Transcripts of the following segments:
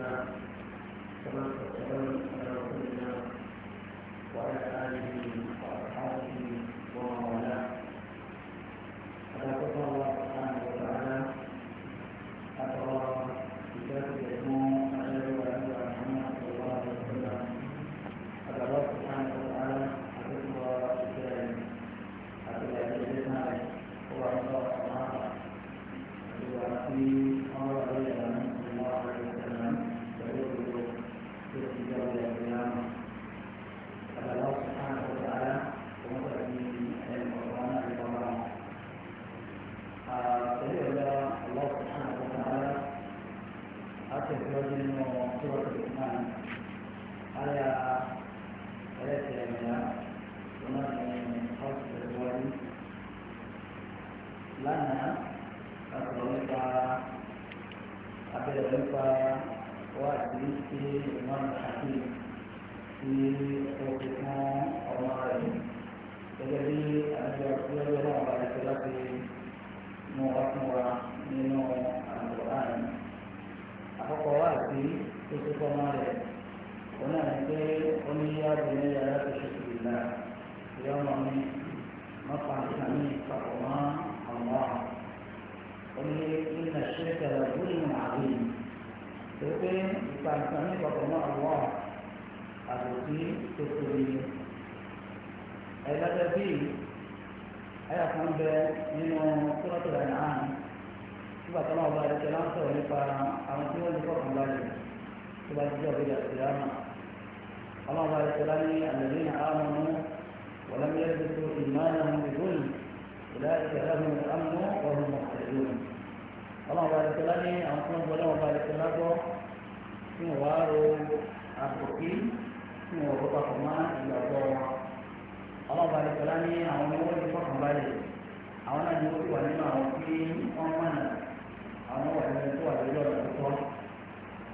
وعلى آله وأصحابه ومن والاه.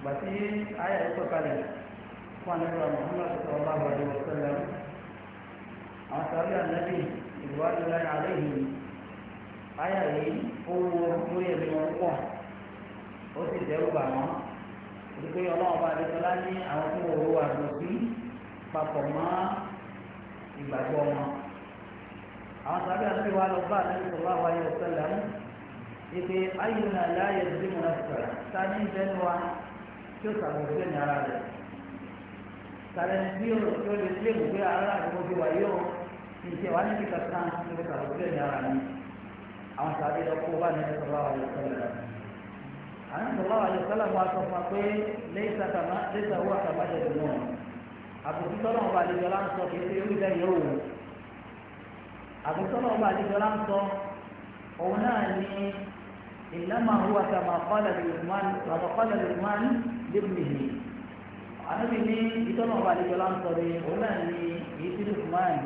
gbàtí ayé ẹ̀kọ́ kalẹ̀ fún anẹ́gbà Muhammad sallallahu alaihi wa sallam àwọn sàbí ànábì ìwádìí láyé àléhìn ayé yìí ó wọ lórí ẹ̀mí wọn pọ̀ ó sì dẹ́rù bà wọ́n ìdíkò yìí ọlọ́wọ́n bá dé tọ́lá ní àwọn tó wọ̀ wọ́n àdùn sí papọ̀ mọ́ ìgbàgbọ́ wọn àwọn sàbí ànábì wa lọ bá ànábì sallallahu alaihi wa sallam ìpè ayé náà láyé ẹ̀dínmọ̀ náà sọ̀rọ̀ tí ó sàmù sí ẹ̀yìn ara rẹ̀ sàlẹ̀ ní bí ó lè lé mú pé ara rẹ̀ mo ti wà yóò ní ìṣe wa ní kíkà kan ní ó sàmù sí ẹ̀yìn ara mi àwọn sàbí lọ kó wà ní ìṣọ̀rọ̀ àwọn ìṣọ̀rọ̀ rẹ̀ àwọn ìṣọ̀rọ̀ àwọn ìṣọ̀rọ̀ wa sọ fún wa pé lẹ́yìn sàmà lẹ́sà owó àtàbàjẹ́ lè mọ̀ àbùkù ọba àlejò ọlá ń sọ kì í ṣe orí bẹ́ẹ̀ yóò wò ọba àlejò ọlá ń sọ òun náà ní إنما هو كما قال للمان كما قال للمان لابنه أنا بني يتنع بالي كلام صري ولا أني يتي لقمان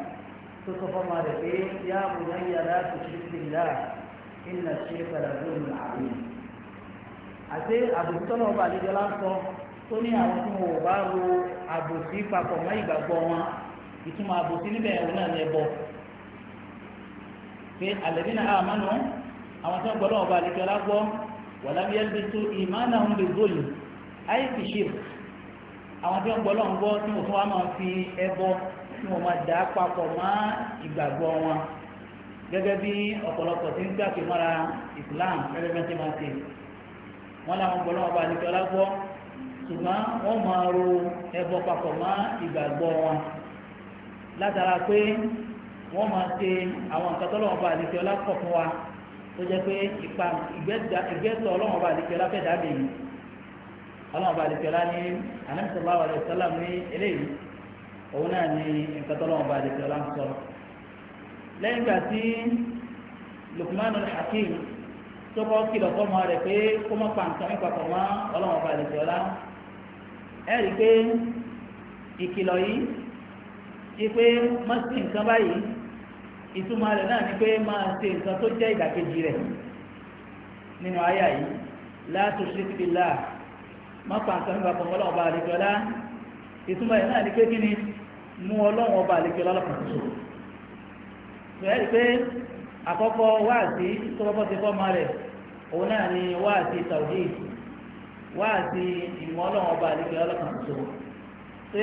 تصف ما يا بني لا تشرك بالله إن الشرك لظلم عظيم àti àbùsọ̀nà ọba àlejò lásán tó ní àwọn tí wọn ò bá ro àbòsí papọ̀ mọ́ ìgbàgbọ́ wọn ìtumọ̀ àbòsí níbẹ̀ òun náà ní ẹbọ pé àlẹ́bí náà àmánú àwọn tí wọ́n gbọ́ lọ́wọ́ bá àlejò alágbọ́ wọ̀lá bí ẹni tó ìmánà ń lè gbòòlù àìsí ṣe àwọn tí wọ́n gbọ́ lọ́wọ́ gbọ́ tí wọ́n tún wá máa fi ẹbọ tí wọ́n máa dà á papọ̀ mọ́ ìgbàgbọ́ wọn gẹ́gẹ́ bí ọ̀pọ̀lọpọ̀ tí ń gbàgbé mọ́ra Islam gẹ́gẹ́ bí wọ́n ti máa ṣe wọ́n làwọn gbọ́ lọ́wọ́ bá àlejò alágbọ́ ṣùgbọ́n wọ́n máa tó jẹ́ pé ipa ìgbẹ́tọ̀ ọlọ́run ọba àdìkẹ́lá fẹ́ ni, yìí ọlọ́run ọba àdìkẹ́lá ní anamisọ̀lá wa rẹ̀ sálàm ní eléyìí òun náà ní nǹkan tọ́lọ́run ọba àdìkẹ́lá ń sọ. lẹ́yìn ìgbà tí Luqmanul Hakim tó kọ́ kìlọ̀ fọ́mọ rẹ̀ pé kó má pa nǹkan nípa pọ̀ mọ́ ọlọ́run ọba àdìkẹ́lá ẹ̀ rí pé ìkìlọ̀ yìí ti pé mọ́sí nǹkan báyìí ìtumọ̀ rẹ̀ náà ni pé máa ṣe nǹkan tó jẹ́ ìdàkejì rẹ̀ nínú àyà yìí la tushrik billah má pa nǹkan nípa pọ̀ ọlọ́run ọba àlejòọlá ìtumọ̀ rẹ̀ náà ni pé kí ni mú ọlọ́run ọba àlejòọlá lọ́kàn tó bẹ́ẹ̀ pé àkọ́kọ́ wáàsí tó bọ́ ti fọ́ máa rẹ̀ òun náà ni wáàsí saudi, wáàsí ìmọ̀ ọlọ́run ọba àlejòọlá lọ́kàn tó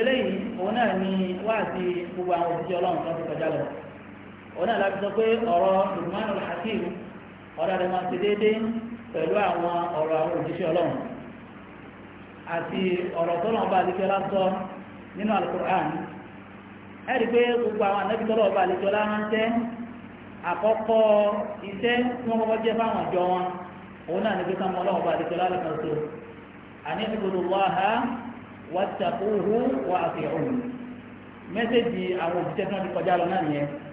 eléyìí òun náà ni wáàsí gbogbo àwọn òṣìṣẹ́ ọlọ́run tó ti kọjá lọ òun náà láti sọ pé ọ̀rọ̀ Luqman al-Hakim ọ̀rọ̀ rẹ̀ máa ti déédé pẹ̀lú àwọn ọ̀rọ̀ àwọn òjíṣẹ́ ọlọ́run àti ọ̀rọ̀ tọ́lọ́run bá àdìkẹ́ lásọ nínú Al-Qur'an ẹ̀rí pé gbogbo àwọn ànábì tọ́lọ́run bá àdìkẹ́ ọlá ránṣẹ́ àkọ́kọ́ iṣẹ́ tí wọ́n kọ́kọ́ jẹ́ fáwọn ọ̀jọ́ wọn òun náà ní pé ká mọ ọlọ́run bá àdìkẹ́ ọlá lọ́kàn so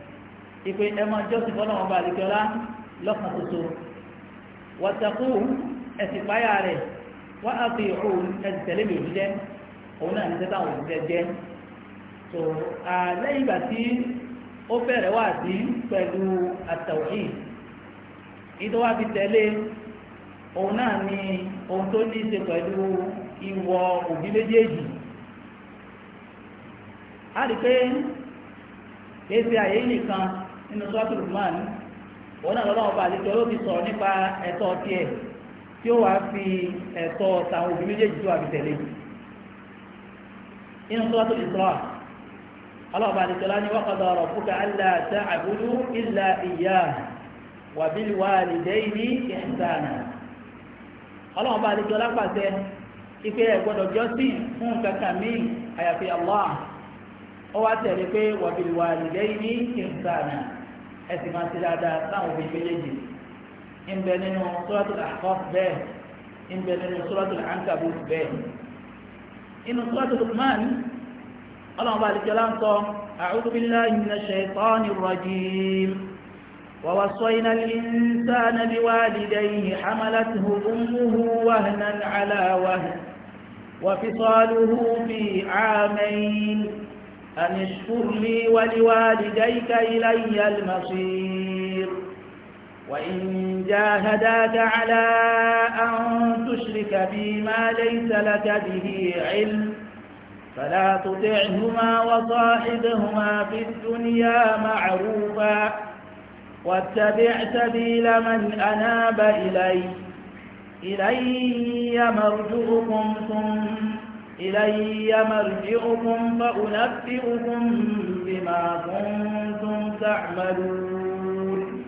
ìpè ẹ máa jọ́sìn fọlọ́wọ́n bá àdìkọ́lá lọ́kàn tó so wàtàkù ẹ̀sìn páyà rẹ̀ wá àfi òun ẹ̀sìn tẹ̀lé mi òjijẹ́ òun náà ní sẹ́tà òun òjijẹ́ jẹ́ so lẹ́yìn ìgbà tí ó fẹ́rẹ̀ wá sí pẹ̀lú àtàwí ìtọ́ fi tẹ̀lé òun náà ni ohun tó ní í ṣe pẹ̀lú ìwọ òbí méjèèjì a rí pé kéèsì àyè nìkan nínú sọ́tù Luqman wọn náà lọ́wọ́ bá àdìsọ ló ti sọ̀rọ̀ nípa ẹ̀tọ́ tiẹ̀ tí ó wàá fi ẹ̀tọ́ tàwọn òbí méjèèjì tó àbí tẹ̀lé nínú sọ́tù Isra ọlọ́wọ́ bá àdìsọ láni wa qada rabbuka alla ta'budu illa iyyah wa bil walidayni ihsana ọlọ́wọ́ bá àdìsọ lápàṣẹ ipe ẹ gbọ́dọ̀ jọ́sìn fún ẹ sì máa ti dáadáa láwọn òbí méjèèjì ń bẹ nínú suratul Ahqaf bẹ́ẹ̀ ń bẹ nínú suratul Ankabut bẹ́ẹ̀ inú suratul Luqman ọlọ́run bá lè jọlá ń sọ a'udhu billahi minash shaitanir rajim ووصينا الإنسان بوالديه حملته أمه وهنا على وهن وفصاله في عامين أن اشكر لي ولوالديك إلي المصير وإن جاهداك على أن تشرك بي ما ليس لك به علم فلا تطعهما وصاحبهما في الدنيا معروفا واتبع سبيل من أناب إلي إلي مرجعكم ثم إلي مرجعكم فأنبئكم بما كنتم تعملون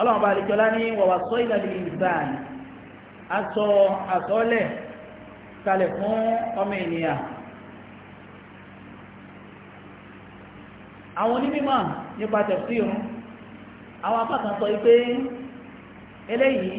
الله بارك لنا ووصينا للإنسان أتو أتوله تلفون أمينيا àwọn onímọ̀ nípa tẹ̀síọ̀ àwọn apá kan sọ pé eléyìí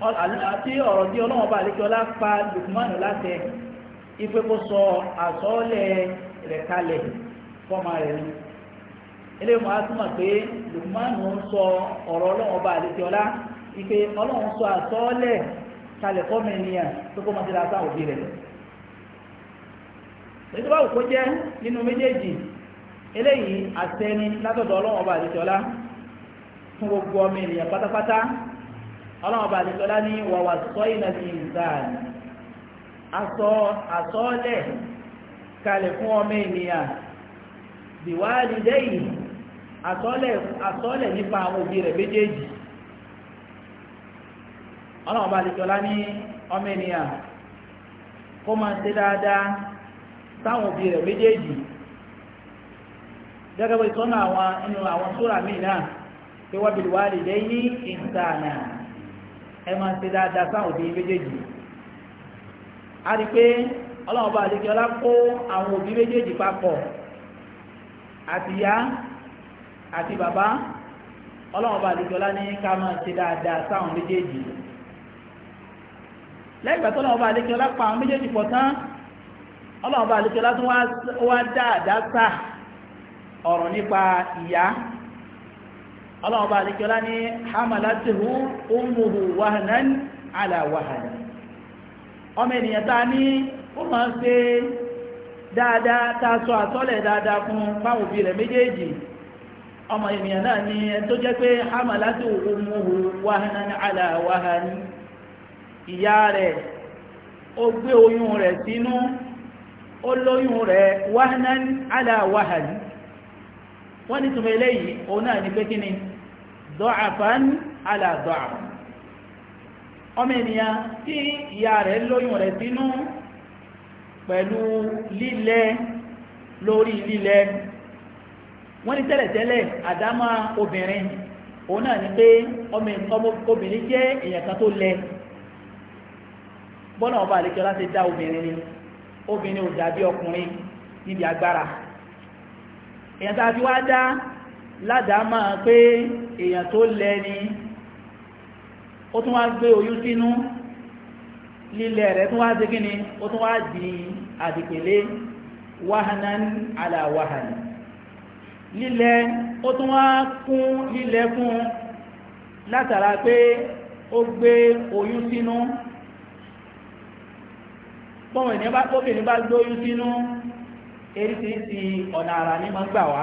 àti ọ̀rọ̀ bí ọlọ́wọ́n bá àlékí ọlá pa lukumanu látẹ ife kó sọ àsọ́ọ́lẹ̀ rẹ̀ kalẹ̀ fọ́mà rẹ̀ ni eléyìí máa túmọ̀ pé lukumanu ń sọ ọ̀rọ̀ ọlọ́wọ́n bá àlékí ọlá ife ọlọ́wọ́n sọ àsọ́ọ́lẹ̀ kalẹ̀ fọ́mà ènìyàn tó kó òbí rẹ̀ kó jẹ́ nínú méjèèjì eléyìí àtẹni látọ̀dọ̀ bá ọlá fún ọlọ́run bá ní wàwà sọ ìlànà ìsáàlì àsọ́ọ́lẹ̀ kalẹ̀ fún ọmọ ènìyàn bìwáàlì dẹ́yìn àsọ́ọ́lẹ̀ nípa àwọn rẹ̀ méjèèjì ọlọ́run bá ní ọmọ ènìyàn kó máa ṣe dáadáa sáwọn obi rẹ̀ méjèèjì gẹ́gẹ́ bí sọ́nà àwọn àwọn náà pé wọ́n dẹ́yìn ẹ máa ṣe dáadáa sáwọn òbí méjèèjì a rí pé ọlọ́run bá àdékẹ́ ọlá kó àwọn òbí méjèèjì papọ̀ àtìyá àti bàbá ọlọ́run bá àdékẹ́ ọlá ní ká máa ṣe dáadáa sáwọn méjèèjì lẹ́yìn ìgbà tó ọlọ́run bá àdékẹ́ ọlá pa àwọn méjèèjì pọ̀ tán ọlọ́run bá àdékẹ́ ọlá tún wá dáadáa sá ọ̀rọ̀ nípa ìyá ọlọ́ọ̀bá àdíkẹ́lá ní hamalatuhu umuhu wahanan ala wahanan ọmọ ènìyàn ta ní ó máa ń ṣe dáadáa ta sọ àtọ́lẹ̀ dáadáa fún fáwọn òbí rẹ̀ méjèèjì ọmọ ènìyàn náà ní ẹni tó jẹ́ pé hamalatuhu ummuhu wahanan ala wahanan ìyá rẹ̀ ó gbé oyún rẹ̀ sínú ó lóyún rẹ̀ wahanan ala wahanan wọ́n ní túnmọ̀ eléyìí òun náà ní pé kí ni dọ́àfán aláàdọ́àf ọmọ ènìyàn tí ìyá rẹ̀ lóyún rẹ̀ sínú pẹ̀lú lílẹ̀ lórí lílẹ̀ wọ́n ní tẹ́lẹ̀tẹ́lẹ̀ àdámá obìnrin òun náà ni pé obìnrin jẹ́ èèyàn kan tó lẹ bọ́nà ọba àlejò láti dá obìnrin ni obìnrin ò dàbí ọkùnrin níbi agbára èèyàn tá wá dá ládàámà pé èèyàn tó lẹ́ni ó tún wá gbé oyún sínú lílẹ̀ rẹ̀ tún wá sí kíni ó tún wá di àdìpèlé wahanan ala wahani lílẹ̀ ó tún wá kún lílẹ̀ fún látara pé ó gbé oyún sínú bọ́mọ̀ ènìyàn bá gbóbìnrin bá gbóyún sínú eríṣiríṣi ọ̀nà àrà ní máa gbà wá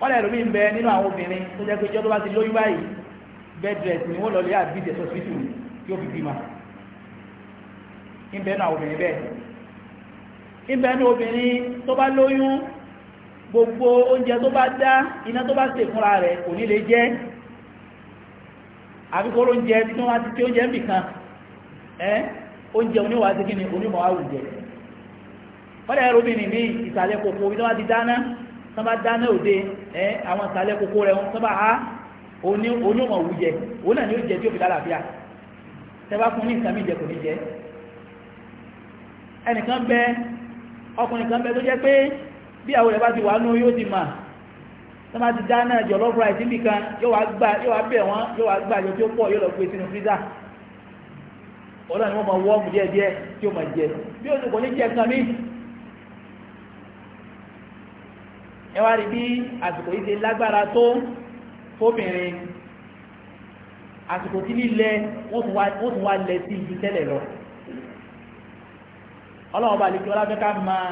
wọ́n lẹ́rù mí bẹ nínú àwọn obìnrin tó jẹ́ pé ìjọ tó bá ti lóyún báyìí bed ni wọ́n lọ lé àbí ìdẹ̀sọ̀ síbítù tí ó fi bímọ ń bẹ nínú àwọn obìnrin bẹ́ẹ̀ ń bẹ nínú obìnrin tó bá lóyún gbogbo oúnjẹ tó bá dá iná tó bá sè fúnra rẹ̀ kò ní lè jẹ àbíkó oúnjẹ tí wọ́n ti tí oúnjẹ ń bì kan oúnjẹ oníwàá kí ni onímọ̀ àwùjẹ wọ́n lẹ́rù mí ní ìsàlẹ̀ kòkó ibi tó tán bá dáná òde ẹ àwọn ìsàlẹ̀ kókó rẹ̀ wọn tán bá a onímọ̀ òwú jẹ òun náà ni ó jẹ tí ó fi lálàáfíà tẹ bá fún ní ìsàmì ìjẹ kò ní jẹ ẹnìkan bẹ ọkùnrin kan bẹ tó jẹ pé bí àwọn rẹ̀ bá ti wà nú yóò ti mà tán bá ti dáná jọlọ́ọ̀fù ráìsì nìkan yóò wá bẹ̀ wọ́n yóò wá gbà yóò tí ó pọ̀ yóò lọ gbé sínú fírísà ọlọ́run wọn máa wọ́ọ̀mù díẹ̀díẹ̀ tí ó máa jẹ bí ó ti kò ní jẹ kan mí ẹ wá rí bí àsìkò yìí ṣe lágbára tó fóbìnrin àsìkò tí lílẹ̀ wọ́n tún wá lẹ sí ibi tẹ́lẹ̀ lọ ọlọ́run bá lè kí ọlá fẹ́ ká máa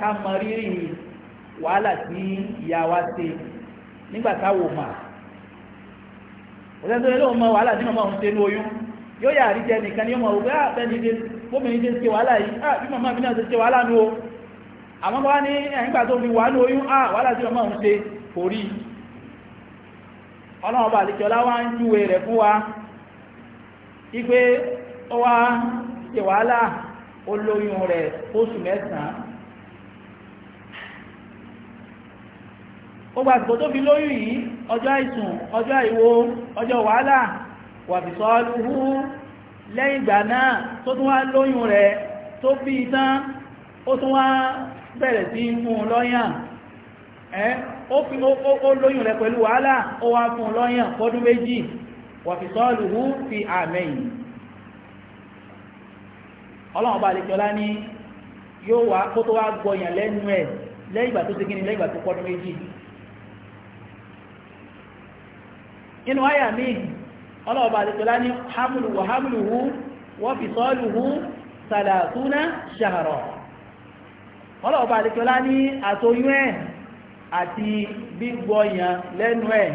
ká mọ rírì wàhálà tí ìyá wa ṣe nígbà táwò mà òṣèlú ẹlẹ́wọ̀n mọ wàhálà nínú ọmọ òun ṣe ní oyún yóò yà àríjẹ nìkan ní ọmọ òun pé àbẹ́ni ah, ṣe ṣe ah, ṣe ṣe wàhálà nù àwọn bá ní ẹ̀yìngbà eh, tó fi wà ní oyún à wà láti ọmọ òun ṣe kò rí ọlọ́ọ̀bà àlìkọ́lá wá ń júwe rẹ̀ fún wa ipé ó wá ṣe wàhálà olóyún rẹ̀ oṣù mẹ́sàn-án ó gbà tó fi lóyún yìí ọjọ́ àìsùn ọjọ́ àìwò ọjọ́ wàhálà wà fi sọ lúhú lẹ́yìn ìgbà náà tó tún wá lóyún rẹ̀ tó fi tán ó tún wá bẹ̀rẹ̀ sí fún un lọ́yàn ó fi ó lóyún rẹ̀ pẹ̀lú wàhálà ó wá fún un lọ́yàn fọ́dún méjì wà fi sọ́ọ̀lù hù fi àmẹ́yìn ọlọ́run bá lè jọlá ní yóò mi ọlọ́run bá lè jọlá ní hamlu wà wọ́n fi sọ́ọ̀lù hù sàlàtúnà ṣàrọ̀ wọ́n lọ́wọ́ bá àdékọ́lá ní àtọyún ẹ̀ àti gbígbọ́ yàn lẹ́nu ẹ̀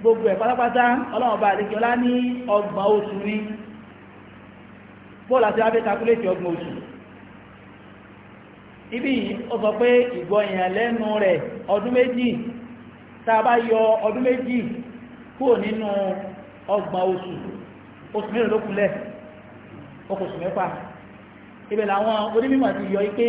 gbogbo ẹ̀ pátápátá ọlọ́wọ́ bá àdékọ́lá ní ọgbọ̀n oṣù ní bóòlù àti abẹ́ kakuléètì ọgbọ̀n oṣù ibi ó sọ pé ìgbọ́ yàn lẹ́nu rẹ̀ ọdún méjì tá a bá yọ ọdún méjì kúrò nínú ọgbọ̀n oṣù oṣù mẹ́rin ló ọkọ̀ oṣù mẹ́fà ibẹ̀ làwọn onímọ̀ ti yọ ipé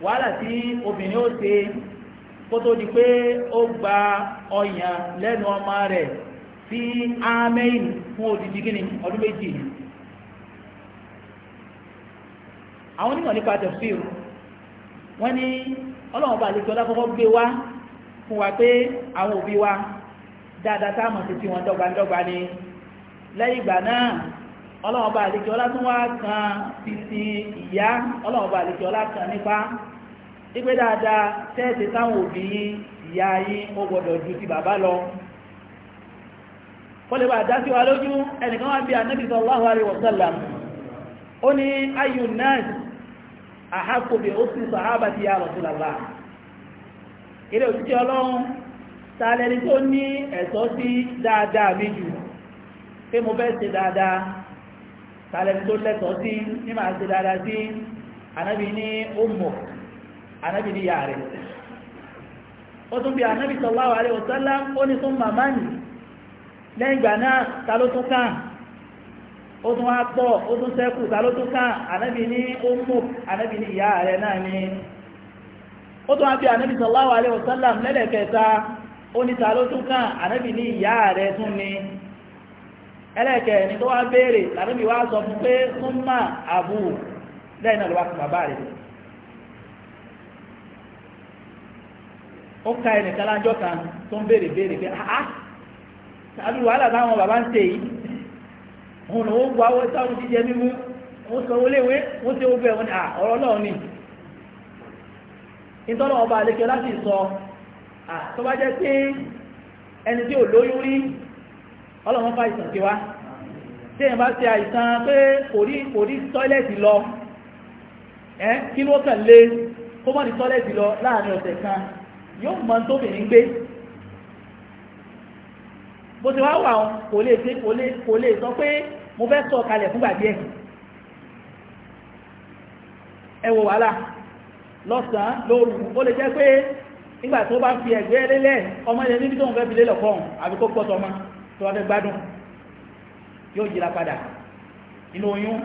wàhálà tí obìnrin ó ṣe kó tó di pé ó gba ọyàn lẹ́nu ọmọ rẹ̀ sí amẹ́yìn fún odidi gíní ọdún méjì àwọn onímọ̀ nípa tẹ̀síù wọ́n ní ọlọ́run bá àlejò ọlákọ́kọ́ gbé wá fún wa pé àwọn òbí wa dáadáa táwọn ti ti wọn dọ́gbandọ́gba ni lẹ́yìn ìgbà náà ọlọ́ọ̀bá àlejò ọlá tún wá kan títí ìyá ọlọ́ọ̀bá àlejò ọlá kan nípa ipé dáadáa tẹ́ẹ̀sì táwọn òbí ìyá yín ó gbọ́dọ̀ ju ti bàbá lọ kọ́lé bá dá sí wa lójú ẹnìkan wá bí wasallam ó ní ayun nas ahaqqu bi husni sahabati ya Rasulullah ilé òṣìṣẹ́ ọlọ́run tààlẹ́ni tó ní mo fẹ́ ṣe dáadáa tààlẹ̀ tó lẹ́tọ̀ sí ní máa ṣe dáadáa sí anábì ní ọmọ anábì ní yà rẹ̀ ó tún bí anábì sallallahu alaihi wasallam ó ní tún màmá nì lẹ́yìn ìgbà náà ta ló tún kàn ó tún wá pọ̀ ó tún sẹ́kù ta ló tún kàn anábì ní ọmọ anábì ní ìyá rẹ̀ náà ni ó tún wá bí anábì sallallahu alaihi wasallam lẹ́lẹ̀kẹta ó ní ta ló tún kàn anábì ní ìyá rẹ̀ tún ni ẹlẹ́ẹ̀kẹ́ ni tó wá béèrè lànàbí wá sọ fún pé fún mà àbú lẹ́yìn náà ló wá fún bàbá rẹ̀ ó ka ẹnìkan lájọ́ kan tó ń béèrè béèrè pé àá tàbí wàhálà táwọn bàbá ń tè yìí òun ló gba owó táwọn jíjẹ mímú ó sọ owó léwé ó ṣe owó bẹ́ẹ̀ ọ̀rọ̀ náà ni ìtọ́nà ọba àlekẹ́ láti sọ tó bá jẹ́ pé ẹni tí ò lóyún rí ọlọ́run fa àìsàn tiwa tí èèyàn bá ṣe àìsàn pé kò rí kò rí tọ́ílẹ̀tì lọ ẹ́ kí ló kàn lé kó mọ́ ní tọ́ílẹ̀tì lọ láàrin ọ̀sẹ̀ kan yóò mọ tóbìnrin gbé bó ti wá wà wọn kò lè ṣe kò lè kò lè sọ pé mo fẹ́ sọ kalẹ̀ fúngbà díẹ̀ ẹ wò wàhálà lọ́sàn-án lóru ó lè jẹ́ pé nígbà tó bá fi ẹ̀gbẹ́ lélẹ̀ ọmọ ilẹ̀ níbi tó ń fẹ́ fi lélẹ̀ fọ́ọ̀hún àbí kó gbọ́tọ̀ máa tó wá fẹ́ gbádùn yóò jìra padà inú oyún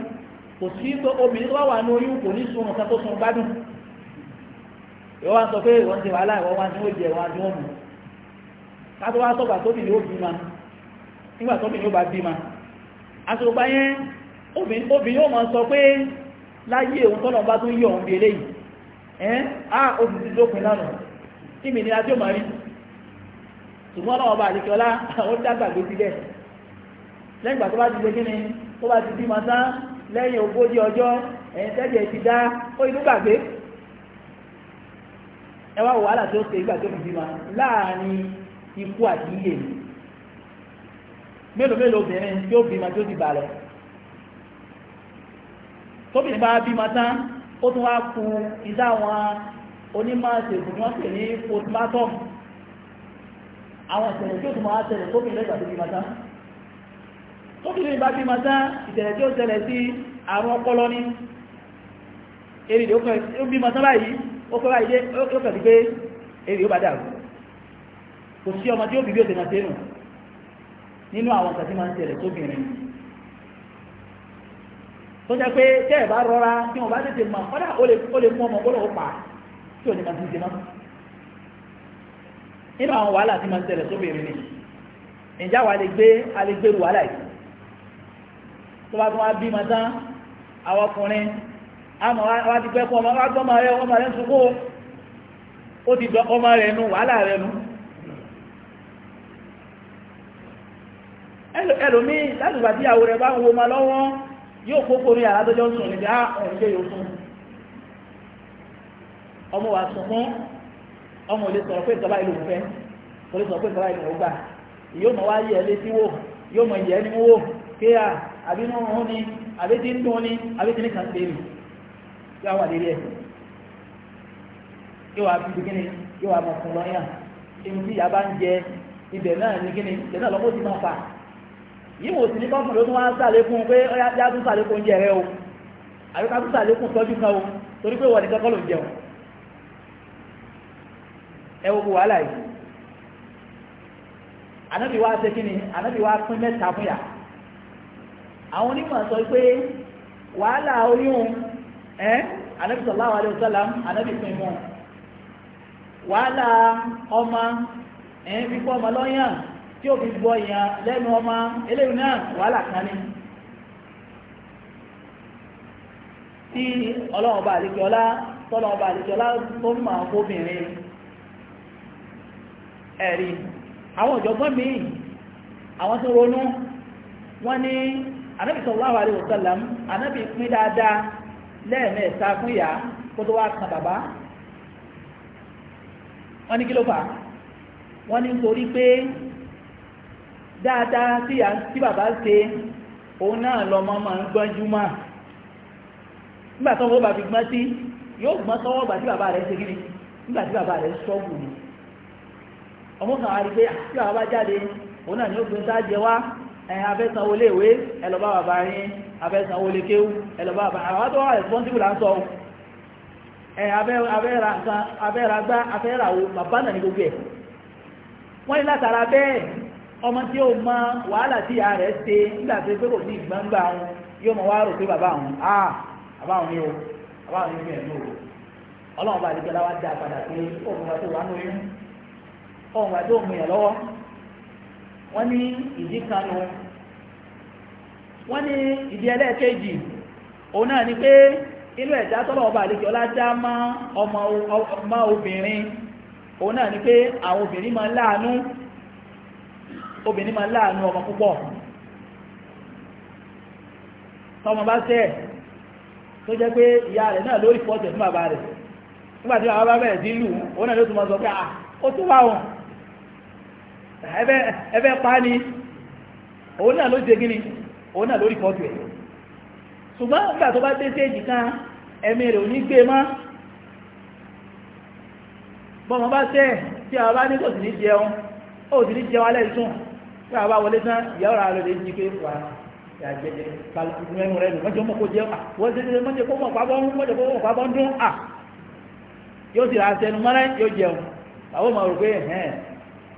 kò sí pé obìnrin tó bá wà ní oyún kò ní sunrun kan tó sun gbádùn ìwọ́n wá sọ pé ìwọ́n ti wàhálà ìwọ́n wá ní oúnjẹ ìwọ́n wá ní oòrùn kátó wá sọ̀gbà tóbi ni ó bí ma nígbà tóbi ni ó bá bí ma àṣùgbà yẹn obìnrin yóò máa sọ pé láyé òun tọ́nà bá tún yí ọ̀hún bí eléyìí ẹ́ á òsì ti dópin lánàá kí mi ni a tí ó máa rí ṣùgbọ́n ọlọ́wọ́ bá àdìkẹ́ ọlá ó dágbàgbé sílẹ̀ lẹ́gbà tó bá ti gbé kíni tó bá ti bímọ tán lẹ́yìn ogójì ọjọ́ ẹ̀yìn tẹ́jẹ̀ ti dá ó inú gbàgbé ẹ wá wàhálà tó ṣe ìgbà tó fi bímọ láàrin ikú àti iye mélòó mélòó obìnrin tí ó bímọ tó ti bà lọ tóbìnrin bá bímọ tán ó tún wá ku iṣẹ́ àwọn onímọ̀ ṣègùn ni wọ́n pè ní postmortem àwọn ìṣẹ̀lẹ̀ tí ó ti máa ṣẹlẹ̀ tó fi lẹ́gbàá tó fi máa tán tó fi lè bá fi máa tán ìṣẹ̀lẹ̀ tí ó ṣẹlẹ̀ sí àrùn ọpọlọ ní èrìdè ó bí máa tán báyìí ó fẹ́ báyìí ó kẹ̀lú pé èrì ó bá dàrú kò sí ọmọ tí ó bí bí ó ti máa tẹ́nu nínú àwọn ìṣẹ̀lẹ̀ tí máa ń ṣẹlẹ̀ tó bìnrin tó jẹ́ pé tẹ́ẹ̀ bá rọra tí wọ́n bá tètè mọ̀ kọ́dà ó lè fún ọmọ gbọ́dọ̀ ó pa tí ò ní máa ti ṣe náà nínú àwọn wàhálà tí máa ń tẹ̀lẹ̀ sóbìnrin ni ìjà wà lè gbé alégbèrú wàhálà yìí tó bá tún wá bí ma tán àwọn ọkùnrin àmọ́ wá ti pẹ́ fún ọmọ wá gbọ́mọ rẹ ọmọ rẹ ń sunkún ó ti dọ ọmọ rẹ nu wàhálà rẹ nu ẹlòmíì láti ìgbà tí ìyàwó rẹ bá ń wo ma lọ́wọ́ yóò kókó ní àlá tó jọ ń sùn níbi á ọ̀rùn ilé yóò sùn ọmọ wa sunkún ọmọ ò lè sọ̀rọ̀ pé ìjọba ìlú fẹ́ kò lè sọ̀rọ̀ pé ìjọba ìlú gbà yóò mọ̀ wá yẹ ẹ létí wò yóò mọ̀ yẹ ẹni wò kéà àbí inú òun ni àbí ti ń dún ni àbí ti ní kan ṣe rì yóò wà lérí ẹ̀ yóò wà fi kíni yóò wà mọ̀ fún lọ́yàn ibi tí ìyá bá ń jẹ ibẹ̀ náà ní kíni ìjẹ́ náà lọ́mọ́ ti máa fà yìí wò sí ní kọ́kùn ló tún wá o àbí ká tún sàlékún tọ́jú o torí pé wọ́n ń ẹwọ́gbọ́ wàhálà yìí anábì ṣe kí ni pín mẹ́ta fún àwọn onímọ̀ sọ pé wàhálà oyún ẹ́ anábì sallallahu alaihi wasallam anábì pín mọ́ wàhálà ọmọ ẹ̀ fífọ́ ọmọ lọ́yàn tí ó fi gbọ́ lẹ́nu ọmọ eléyìí náà wàhálà tí ọlọ́run ọba àlejò ẹ̀rí àwọn ọ̀jọ̀gbọ́n míì àwọn tó ronú wọ́n ní anábì sallallahu alaihi wasallam anábì pín dáadáa lẹ́ẹ̀mẹ́ta fún ìyá kó tó wá kan bàbá wọ́n ní kí ló fà wọ́n ní nítorí pé dáadáa tí bàbá ṣe òun náà lọmọ máa ń gbọ́njú máa nígbà tó fi gbọ́n sí yóò gbọ́n sọ́wọ́ gbà tí bàbá rẹ̀ ṣe gíní ọmọ kan wá rí pé tí àwọn bá jáde òun náà ni ó gbin sáájẹ wá afẹ́sanwó léèwé ẹlọ́bá bàbá yín afẹ́sanwó lékéwú ẹlọ́bá bàbá àwọn tó wà responsible à ń sọ abẹ́ragbá afẹ́ràwó bàbá náà ní gbogbo ẹ̀ wọ́n ní látara bẹ́ẹ̀ ọmọ tí ó mọ wàhálà tí ìyá rẹ̀ ṣe nígbà tó pé kò sí ìgbàǹgbà wọn yóò mọ wá rò pé bàbá àwọn ah bàbá àwọn yóò bàbá àwọn yóò fi ẹ̀ lóòrò ọlọ́run bá àdìgbẹ́lá wá dá padà pé ó mọ wá ọ̀hún àti òun yẹn lọwọ wọ́n ní ìdí kan nu wọ́n ní ìdí ẹlẹ́ẹ̀kejì òun náà ni pé inú ẹja tọrọ ọba àlejò ọlájá má ọmọ obìnrin òun náà ni pé àwọn obìnrin máa láàánú obìnrin máa láàánú ọmọ púpọ tọmọ bá ṣẹ̀ tó jẹ́ pé ìyá rẹ̀ náà lórí fọ́ọ̀tẹ̀ fún bàbá bàbá lù òun náà ló tún sọ pé ó tún ẹfẹ́ pa ni òun náà ló ṣe gíní òun náà lórí kọ́tù ẹ̀ ṣùgbọ́n nígbà tó bá dé séèjì kan ẹ̀mí rẹ̀ ò ní gbé mọ́ bọ́mọ bá tẹ́ tí a bá ní kò sí ní jẹun ó sì ní jẹun alẹ́ sùn tí a bá wọlé tán ìyàwó rà lọ lè jí pé wà á jẹjẹ kálukú mẹ́rin rẹ̀ lò mọ́jọ́ mọ́ kó jẹun ah, àwọn ṣe ṣe mọ́jọ́ kó mọ̀ pábọ́ ń mọ́jọ́ kó mọ̀ pábọ́ ń dún à ah, yóò sì rà sẹnu mọ́rẹ́ yóò jẹun àwọn ọmọ rò pé ẹ̀hẹ́n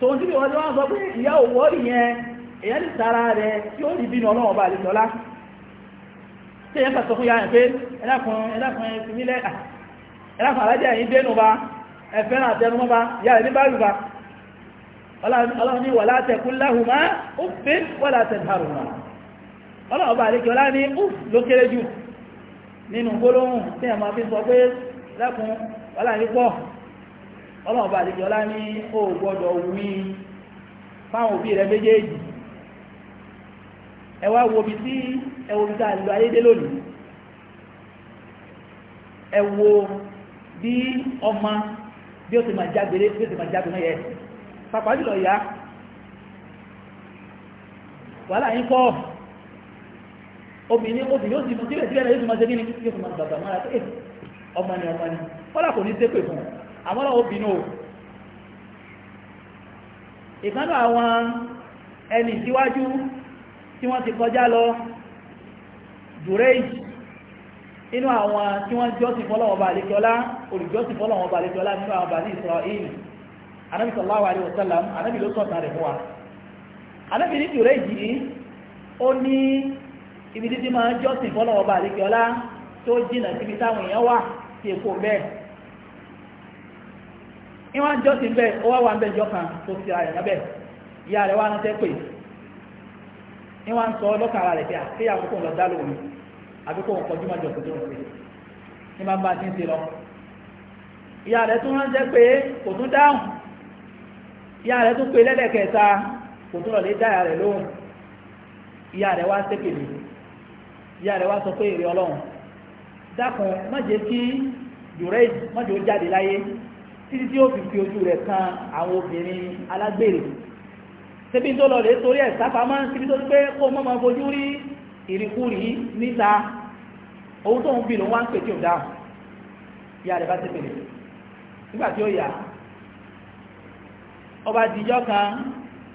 tó ń tí wọ́n wọ́n sọ pé ìyá òwò ìyẹn èyàn lè tara rẹ̀ tí ó rí bínú ọlọ́wọ́ bá lè tọ́lá tí èyàn kàtọ̀ fún ya ẹ̀ pé ẹlákùn ẹlákùn ìfìmílẹ̀ ẹlákùn alájẹ́ ẹ̀yìn dénú bá ẹ̀fẹ́ràn àtẹnumọ́ bá ya rẹ̀ ní bá rùbá ọlọ́run ní wala taqul lahuma uffin wala tanharhuma ọlọ́run bá lè kí ọlá ní uff ló kéré jù nínú gbólóhùn tí ẹ̀ máa fi sọ pé ẹlákùn ọlá ní pọ̀ ọlọ́run bá àdéjọ́ ní o gbọ́dọ̀ wí fáwọn òbí rẹ méjèèjì ẹ wá wo bí tí ẹ wo bí tá a lọ ayédè lónìí ẹ wo bí ọmọ bí ó ti máa jágbére bí ó ti máa jágbére yẹ pàpà jùlọ ìyá wàhálà yín kọ́ obìnrin obìnrin ó sì mú síbẹ̀síbẹ̀ náà yóò ti máa ṣe kí ni yóò ti máa bàbà mára pé eh, ọmọ ni ọmọ ni kọ́lá kò ní ṣépè fún àmọ́lọ̀ obìnú ìkánú àwọn ẹni síwájú tí wọ́n ti kọjá lọ dùrẹ́ìjì inú àwọn tí wọ́n jọ́sìn fọ́lọ́wọ́ bá lẹ́kọ́lá olùjọ́sìn fọ́lọ́wọ́ bá lẹ́kọ́lá nínú àwọn bá ní Israel anábì sallallahu alaihi wasallam anábì ló sọ̀tàn rẹ̀ fún wa anábì ní dùrẹ́ìjì ó ní ibi títí máa jọ́sìn fọ́lọ́wọ́ bá lẹ́kọ́lá tó jìnà síbi èkó bẹ́ẹ̀ ní wọ́n jọ́ sí bẹ́ẹ̀ ó wá wà ń jọ kan tó fi ara rẹ̀ lábẹ́ ìyá rẹ̀ wá ń tẹ́ ní wọ́n sọ lọ́kàn ara rẹ̀ pé àkókò lọ dá lóhùn jọ tó ní máa ń bá ti ń lọ. ìyá rẹ̀ tún pé kò tún dáhùn ìyá rẹ̀ tún pé lẹ́lẹ́kẹta kò tún rẹ̀ ìyá rẹ̀ wá ìyá rẹ̀ títí tí ó fi fi ojú rẹ̀ kan àwọn obìnrin alágbèrè síbi tó lọ lè torí ẹ̀ sápamọ́ síbi tó ti pé kó mọ́ máa fojú rí ìrìkúrì níta owó tóun bí lòun wá ń pè tí ò dáhùn ìyá rẹ̀ bá ti pèlè nígbà tí ó yà ọba dìjọ́ kan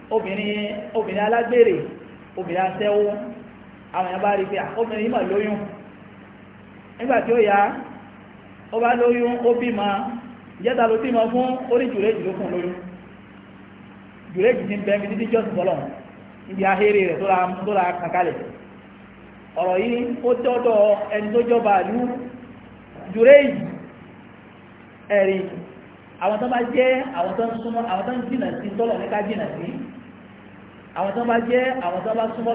obìnrin obìnrin alágbèrè obìnrin aṣẹ́wó àwọn èèyàn bá rí pé obìnrin yìí mà lóyún nígbà tí ó yà ọba lóyún ó bímọ ìjẹta ló tí ma fún orí jùrẹ́jì ló fún lórí jùrẹ́jì ti ń bẹ́ẹ̀ títí jọ́sìn bọ́lọ̀ ibi ahéré rẹ̀ tó ra kankalẹ̀ ọ̀rọ̀ yìí ó tọ́dọ̀ ẹni tó jọba ìlú jùrẹ́jì ẹ̀rí àwọn tó bá jẹ́ àwọn tó ń súnmọ́ àwọn tó ń jìnà sí tọ́lọ̀ ní jìnà sí àwọn tó bá jẹ́ àwọn tó bá súnmọ́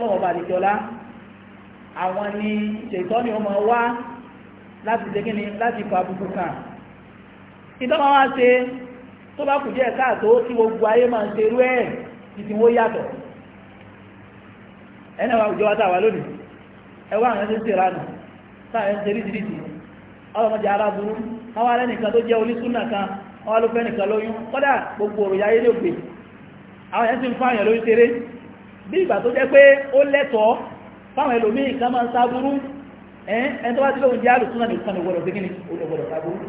ni ṣètọ́ ni ó ìtọ́ba wá se tó bá kù díẹ̀ káàtó tí gbogbo ayé máa ń ṣe ẹ̀ títí wọ́n yàtọ̀ ẹni àwọn àwùjọ wa wà lónìí ẹwà àwọn ẹni ṣe ránù táwọn ẹni ṣe ríṣiríṣi ọlọ́mọdé aráburú àwọn ará nìkan tó jẹ́ onísúnà kan àwọn alófẹ́ nìkan lóyún kọ́dà gbogbo òròyà ayé àwọn ẹni tí ń lórí bí ìgbà tó jẹ́ pé ó lẹ́tọ̀ọ́ fáwọn ẹlòmíì kan máa ń sáburú ẹni tó bá ti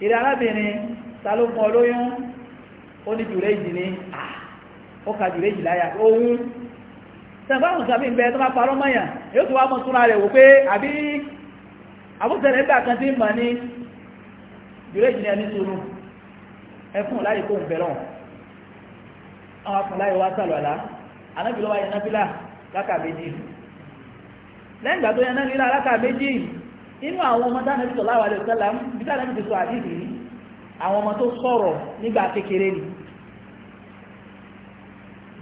ìrẹ́ arábìnrin ta ló fún ọ lóyún ó ní jùrẹ́jì ni ó ka jùrẹ́jì láyà ohun sẹ̀fáàmù sàbí ń bẹ tó bá parọ́ mọ́yàn yóò tó wá mọ́ súnra rẹ̀ wò pé àbí àbúsẹ̀lẹ̀ gbà kan tí mọ̀ ní jùrẹ́jì ni ẹni sunu ẹfún láyé kó ń bẹ̀rọ̀ àwọn afún láyé wá sàlọ̀ àlá anábìlọ́wà yẹn nábìlà lákà méjì lẹ́yìn ìgbà tó inú àwọn ọmọ dáná bí sọ̀lá àwàlẹ̀ òṣèlá bí dáná bí sọ àdìsí ni àwọn ọmọ tó sọ̀rọ̀ nígbà kékeré ni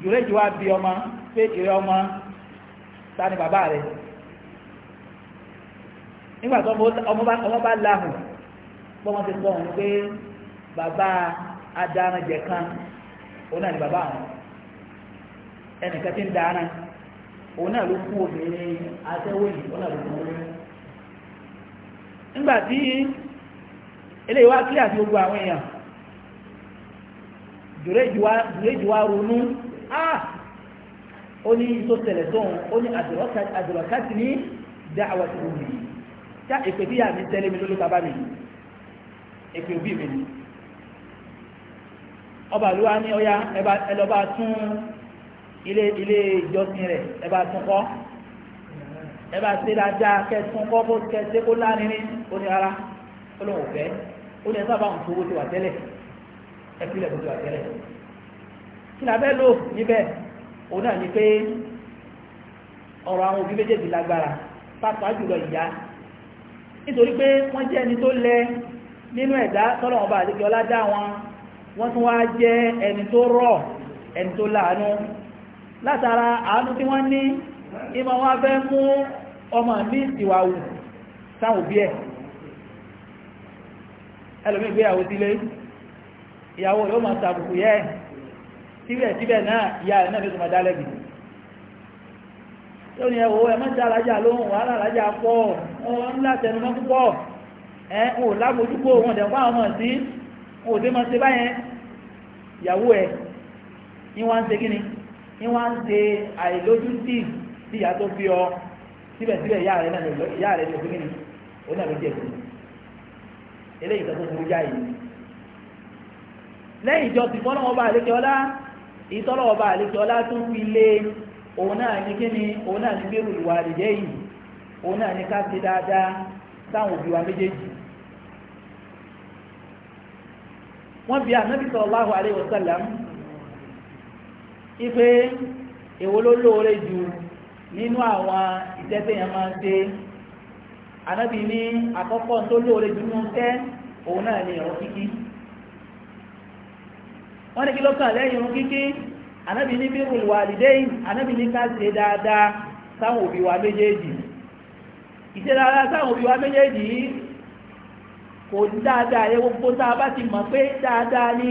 jùrẹ́jì wá bí ọmọ pé ìrẹ́ ọmọ ta ni bàbá rẹ̀ nígbà tó ọmọ bá láhùn bọ́mọ ti sọ òun pé bàbá adáranjẹ kan òun náà ni bàbá àwọn ẹnìkan ti ń dáná òun náà ló kú obìnrin atẹ́wòyìn òun náà ló kú nígbàtí ilé ìwá kílẹ̀ àti gbogbo àwọn èèyàn jùrẹ́jùwá ronú ah ó ní tó tẹ̀lẹ̀ tóun ó ní àdùrọ̀kátì ní dáàwà tí ó yìí já èpè tí yàmí tẹ́lẹ̀ mi lórí bàbá mi èpè òbí mi ni ọba ló wá ní ọya ẹlọba tún ilé ìjọsìn rẹ̀ ẹba tún kọ́ ẹ bá ṣe dáadáa kẹsùn kọ́kọ́ kẹsẹ́ kó lárinrin ó ní rárá ó lóun ò fẹ́ ó ní ẹ sábà ń fowó ti wà tẹ́lẹ̀ ẹ fi ilẹ̀ kó ti wà tẹ́lẹ̀ kí la fẹ́ lò níbẹ̀ òun náà ni pé ọ̀rọ̀ àwọn òbí méjèèjì lágbára pàápàá jùlọ ìyá nítorí pé wọ́n jẹ́ ẹni tó lẹ nínú ẹ̀dá tọ́lọ̀ ọba àdékẹ́ ọlá dá wọn wọ́n tún wá jẹ́ ẹni tó rọ̀ ẹni tó láàánú látara àánú tí wọ́n ní ìmọ̀ wọn fẹ́ mú ọmọ ní ìwàwù sáwọn òbí ẹ̀ ẹlòmí ìgbéyàwó sílé ìyàwó yóò máa sàbùkù yẹ́ ẹ̀ síbẹ̀síbẹ̀ náà ìyá rẹ̀ náà ló tó máa dálẹ́bì tó ní ẹwọ́ ẹ mọ́ta alájà lóhùn wàhálà alájà pọ̀ wọn ń látẹnu mọ́ púpọ̀ ẹ ń ò lábojúkó wọn dẹ̀ fáwọn ọmọ sí wọn ò dé máa ṣe báyẹn ìyàwó ẹ̀ ní ń ṣe kíni ní ń ṣe àìlójútì tí ìyá tó fi ọ síbẹ̀síbẹ̀ ìyá rẹ̀ náà ìyá rẹ̀ lọ eléyìí tó tó burú jáì lẹ́yìn ìjọ ti fọ́nà ọba àlékiọlá ìtọ́nà ọba àlékiọlá tó fi lé òun náà ní kíni òun náà ní bẹ́rù ìwà àdìjẹ́ yìí òun náà ní ká dáadáa nínú àwọn ìtẹ́tẹ́ yẹn máa ń dé anábì ní àkọ́kọ́ tó lóore jù mú tẹ́ òun náà ní ìrun kíkí wọ́n ní kí ló kàn lẹ́yìn ìrun kíkí anábì ní bí rùn wàlídẹ́yìn anábì ní ká ṣe dáadáa sáwọn òbí wa méjèèjì ìṣe dáadáa sáwọn òbí wa méjèèjì yìí kò ní dáadáa yẹ gbogbo tá a bá ti mọ̀ pé dáadáa ní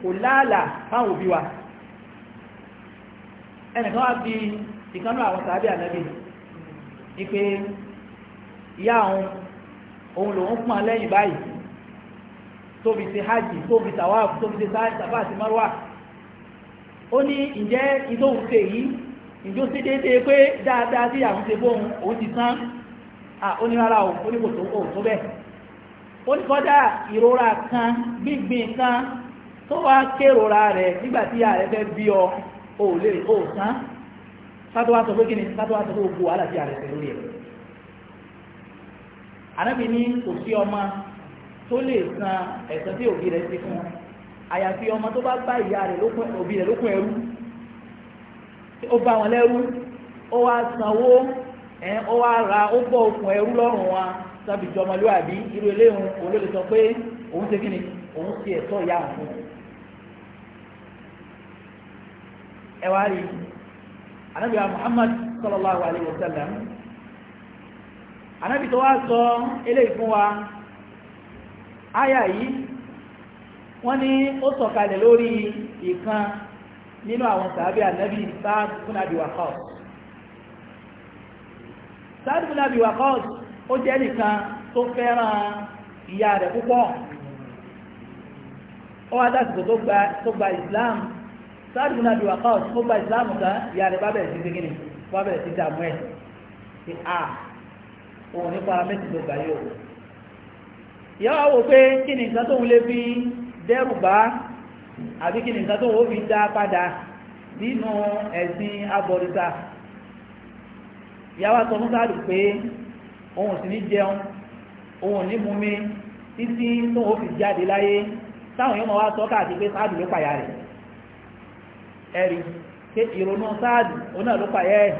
kò láàlà fáwọn òbí wa ẹnìkan wá bíi ìkanú àwọn sàábì ànábì ni pé ìyá àwọn òun lòun fún lẹ́yìn báyìí tóbi ṣe hajj tóbi tawaf tóbi ṣe sáfà àti marwa ó ní ǹjẹ́ ìdóhùn ṣe yìí ìjó sí déédéé pé dáadáa ti tán à ó ní o ó ní kò tó kò tó bẹ́ẹ̀ ó ní kan gbígbìn kan tó wá kérora rẹ̀ nígbàtí ààrẹ fẹ́ bí ọ ò lè san. kátó wá sọ pé kíni kátó wá sọ pé ogun wàhálà sí ààrẹ pẹ̀lú rẹ̀ ànábì ní kò sí ọmọ tó lè san ẹ̀san tí òbí rẹ̀ ti fún wọn àyàfi ọmọ tó bá bá ìyá rẹ̀ òbí rẹ̀ lókun ẹrú ó bá wọn lẹ́rú ó wá sanwó ẹ̀ ó wá ra ó bọ́ okùn ẹrú lọ́rùn wa sábì jọmọ lóàbí irú eléhùn olóòlù sọ pé òun ṣe kíni òun ṣe ẹ̀tọ́ ìyá òun ẹ wá rí i anábì wa muhammad sallallahu alayhi wa sallam anábì tó wá sọ eléyìí fún wa áyà yìí wọ́n ní ó sọ̀kalẹ̀ lórí ìkan nínú àwọn sàábì anábì sáàdù fún àbí waqas sáàdù fún àbí waqas ó jẹ́ nìkan tó fẹ́ràn ìyá rẹ̀ púpọ̀ ó wá dásìkò tó gba islam sáàdì múná bí wàkàwọ̀ tí ó gba ìsìláàmù kan ìyá rẹ̀ bá bẹ̀rẹ̀ sí gbé gíní bá bẹ̀rẹ̀ sí dààmú ẹ̀ ṣe à òun ní para méjì tó gbà yóò ìyá wa wò pé kí ni nǹkan tóun lè fi dẹ́rù bá àbí kí ni nǹkan tóun ó fi dá padà nínú ẹ̀sìn abọ̀rìta ìyá wa sọ fún sáàdì pé òun sì ní jẹun òun ní mumi títí tóun ó fi jáde láyé táwọn yóò máa wá sọ káàkiri pé sáàdì ló pàyà rẹ̀ ẹ̀rí ké ìrònú sáàdù oná ló pàyẹ́ ẹ̀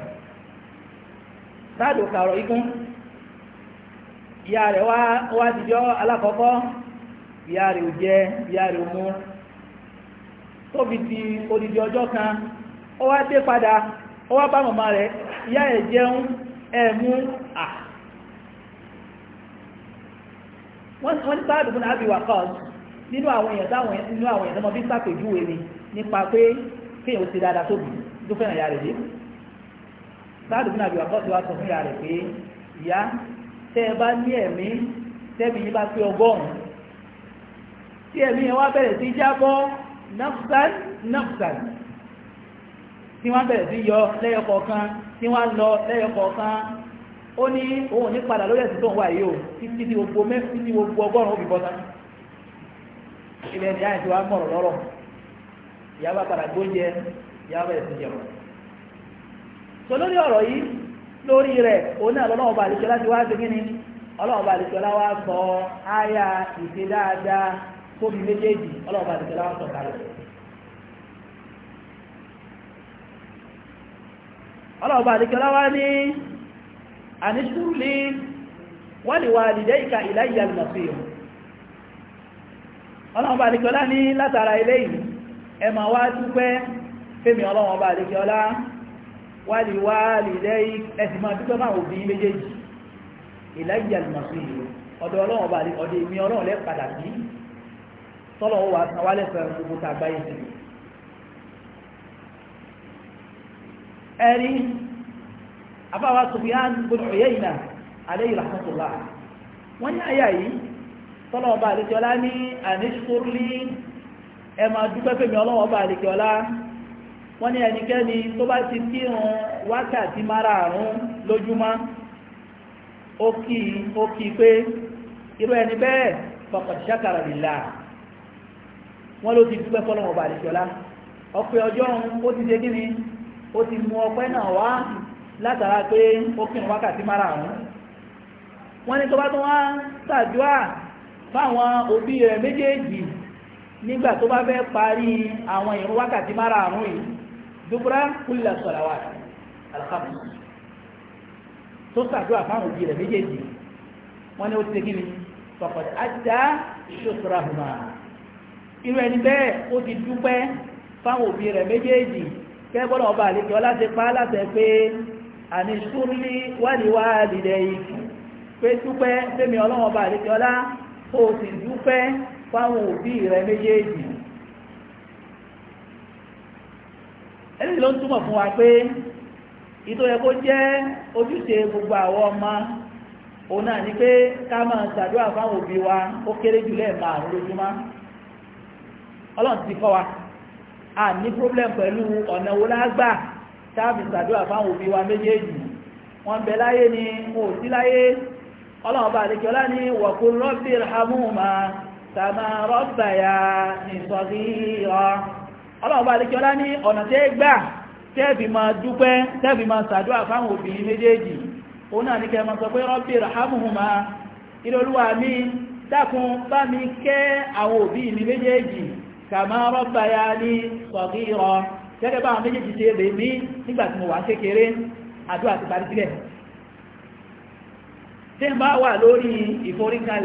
sáàdù kàrọ̀ ikún ìyá rẹ̀ wá jọ alákọ̀ọ́kọ́ ìyá rẹ̀ ìyá rẹ̀ mu tó fi odidi ọjọ́ kan ó wá dé padà ó wá bá rẹ̀ ìyá ẹ̀ jẹun ẹ̀ à wọ́n ní fún nínú àwọn èèyàn táwọn nínú àwọn èèyàn bí sàpèjúwe ni nípa pé kéèyàn ti dáadáa tóbi tó fẹ́ràn ìyá rẹ̀ dé sáàdù fún àbíwá kọ́ ti wá sọ fún ìyá rẹ̀ pé ìyá tẹ́ ẹ bá ní ẹ̀mí tẹ́mi yín bá pé ọgọ́rùn-ún tí ẹ̀mí yẹn wá bẹ̀rẹ̀ sí jábọ́ nafsan nafsan tí wọ́n bẹ̀rẹ̀ sí yọ lẹ́yọ kọ̀ọ̀kan tí wọ́n lọ lẹ́yọ kọ̀ọ̀kan ó ní òun ní padà lórí ẹ̀sìn tó ń wà yìí o títí tí gbogbo ọgọ́rùn-ún ó bọ́ta ilẹ̀ ìyá ìjọba mọ̀rọ̀ lọ́rọ̀ Ya bá padà gbóúnjẹ ya bẹ̀rẹ̀ esi jẹun so lórí ọrọ yìí lórí rẹ, òun náà lọ́wọ́ ọba àlejò láti wá sí kíni sọ áyà ìṣe dáadáa fóbi méjèèjì ọlọ́wọ́ bá sọ kalẹ̀ ọlọ́wọ́ bá àlejò láwá ní àníṣúlé wọ́n lè wà àlìjẹ́ ìka ìlà ní látara eléyìí ẹ máa wá dúpẹ́ fẹ́mi ọlọ́run ọba àlejò ọlá wálì wálì lẹ́yìn ẹ̀sìn máa dúpẹ́ máa òbí méjèèjì ìlàjì àlùmọ̀sí yìí ọ̀dọ̀ ọlọ́run ọba àlejò ọdẹ mi ọlọ́run lẹ́ padà sí tọ́lọ̀ wà san wálẹ̀ fẹ́ràn gbogbo tá a gbáyé sí ẹ̀rí afáwa Sufyan wọ́n ní àyà yìí tọ́lọ̀ ọba àlejò ọlá ní àníṣkúrlì ẹ máa dúpẹ́ pé mi ọlọ́wọ́ bá àlèkè ọlá wọ́n ní ẹnikẹ́ni tó bá ti kírun wákàtí márààrún lójúmọ́ ó kí ó kí pé irú ẹni bẹ́ẹ̀ faqad shakara lillah wọ́n ló ti dúpẹ́ fọ́lọ́wọ́ bá àlèkè ọlá ọpẹ́ ọjọ́ ó ti ṣe ni ó ti mú ọpẹ́ náà wá látara pé ó kírun wákàtí márààrún wọ́n ní tó bá tún wá ṣàdúrà fáwọn òbí rẹ̀ méjèèjì nígbà tó bá fẹ́ parí àwọn ìrun wákàtí márààrún yìí dúkúrá kúlẹ̀ sọ̀làwà alhamdu tó sàdúrà fáwọn òbí rẹ̀ méjèèjì wọ́n ní ó ti gíní pọ̀pọ̀dé ajá ṣòṣòra hùmà irú ẹni bẹ́ẹ̀ ó ti dúpẹ́ fáwọn òbí rẹ̀ méjèèjì kẹ́gbọ́n ọba àlejò láti pa láti pé àní súnlé wàlíwá lìdẹ̀ yìí pé dúpẹ́ fẹ́mi ọlọ́wọ́n ọba àlejò ọlá ó sì dúpẹ́ fáwọn òbí rẹ méjèèjì ẹni ló ń túmọ̀ fún wa pé ìtò yẹ kó jẹ́ ojúṣe gbogbo àwọn ọmọ òun náà ni pé ká máa ṣàdúrà fáwọn òbí wa ó kéré jù lẹ́ẹ̀mà lójúmọ́ ọlọ́run ti kọ́ wa a ní problem pẹ̀lú ọ̀nà wo lágbà táàbì ṣàdúrà fáwọn òbí wa méjèèjì wọ́n bẹ láyé ni mo ò sí láyé ọlọ́run bá àdékẹ́ọ́lá ní wọ̀kú rọ́bì kàmá rọ́bàyà nìsọ̀díra ọlọ́run bá adékọ́lá ní ọ̀nà tẹ́ gbà tẹ́ẹ̀fì máa dúpẹ́ tẹ́ẹ̀fì máa sàdúrà fáwọn obìnrin méjèèjì òun náà ní kẹ́ ma sọ pé rọ́bì rahamuhuma ìrọlúwà mi dákun bá mi kẹ́ àwọn òbí mi méjèèjì kàmá rọ́bàyà nìsọ̀díra gẹ́gẹ́ bá àwọn méjèèjì ṣe lè mí nígbà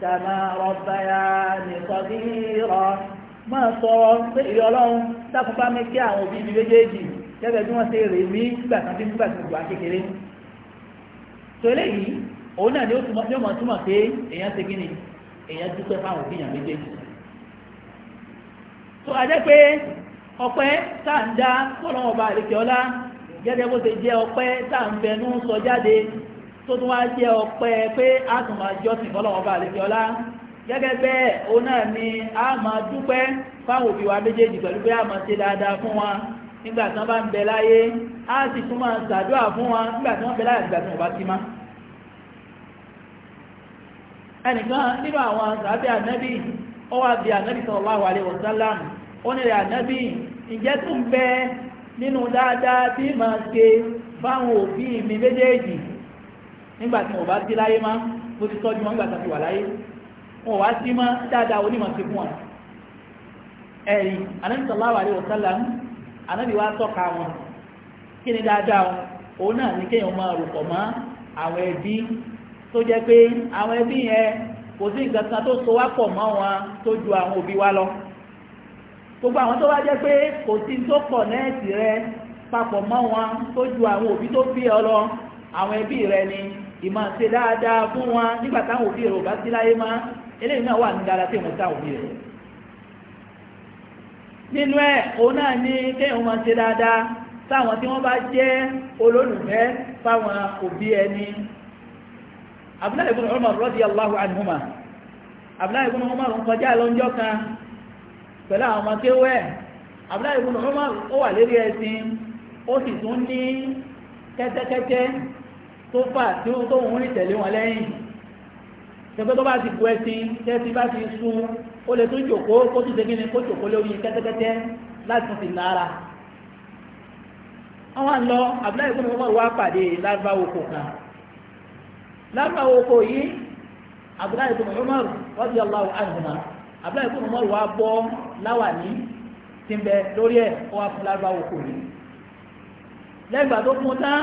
كما ربياني صغيرا máa sọ pé ìrẹ ọlọ́run dákun bá mi kí àwọn òbí mi méjèèjì gẹ́gẹ́ bí wọ́n ṣe rè mí nígbà kan bí nígbà tí mo wà kékeré tó eléyìí òun náà ni ó túmọ̀ yóò mọ̀ túmọ̀ pé èèyàn ṣe kíni èèyàn dúpẹ́ fáwọn òbí a jẹ́ pé ọpẹ́ tá à ń dá fọlọ́wọ́n ọba àlekè ọlá gẹ́gẹ́ bó ṣe jẹ́ ọpẹ́ tá ń fẹnu sọ jáde tó tún wá jẹ́ ọpẹ́ pé a tún máa jọ́sìn fọ́lọ́wọ́n bá àlejò ọlá gẹ́gẹ́ bẹ́ẹ̀ òun náà ni a máa dúpẹ́ fáwọn òbí wa méjèèjì pẹ̀lú pé a máa ṣe dáadáa fún wa nígbà tí wọ́n bá ń bẹ láyé a sì tún máa ṣàdúrà fún wa nígbà tí wọ́n bẹ láyé àgbà tí má. ẹnìkan nínú àwọn sàbẹ̀ ànábì ó wá bí ànábì sallallahu alaihi wasallam ó nílẹ̀ ànábì ìjẹ́ tún bẹ nínú dáadáa tí máa ṣe fáwọn òbí mi méjèèjì nígbà tí wọ́n bá dé láyé má ló ti tọ́jú wọn nígbà tí wọ́n wà láyé wọn wá sí má dáadáa onímọ̀ sí fún wọn ẹ̀rí anábì sallallahu alaihi wasallam anábì wá tọ́ka wọn kí ni dáadáa wọn òun náà ní kéèyàn máa rò pọ̀ mọ́ àwọn ẹbí tó jẹ́ pé àwọn ẹbí yẹn kò sí nǹkan kan tó so wá pọ̀ mọ́ wọn tó ju àwọn òbí wa lọ gbogbo àwọn tó bá jẹ́ pé kò sí tó pọ̀ nẹ́ẹ̀tì rẹ papọ̀ mọ́ wọn tó ju àwọn òbí tó bí ọ lọ àwọn ẹbí rẹ ni ìmọ̀ ṣe dáadáa fún wọn nígbà táwọn òbí rẹ̀ ò bá sí láyé máa eléyìí náà wà ní dáadáa tí wọ́n táwọn òbí rẹ̀ nínú ẹ̀ òun náà ní kéèyàn máa ṣe dáadáa sáwọn tí wọ́n bá jẹ́ olólùfẹ́ fáwọn òbí ẹni Abdullahi ibn Umar radiyallahu anhuma Abdullahi ibn Umar ń kọjá lọ́njọ́ kan pẹ̀lú àwọn ọmọ kéwẹ́ Abdullahi ibn Umar ó wà lérí ẹṣin ó sì tún ní kẹ́tẹ́kẹ́tẹ́ tó fà tí ó tóun rí tẹ̀lé wọn lẹ́yìn tẹ̀gbẹ́ tó bá ti bu ẹṣin tẹ́sí bá ti sun ó lè tún jòkó kó tún segin ni kó jòkó lórí kẹ́tẹ́kẹ́tẹ́ láti tún ti lára àwọn àlọ abúláyé kó ní wọ́n wá pàdé lárúbáwò kò kan lárúbáwò kò yìí abúláyé kó ní Umar radiyallahu anhuma abúláyé kó ní Umar wá bọ́ láwàní tí ń bẹ lórí ẹ̀ ó wá fún lárúbáwò kò yìí lẹ́gbàá tó kún tán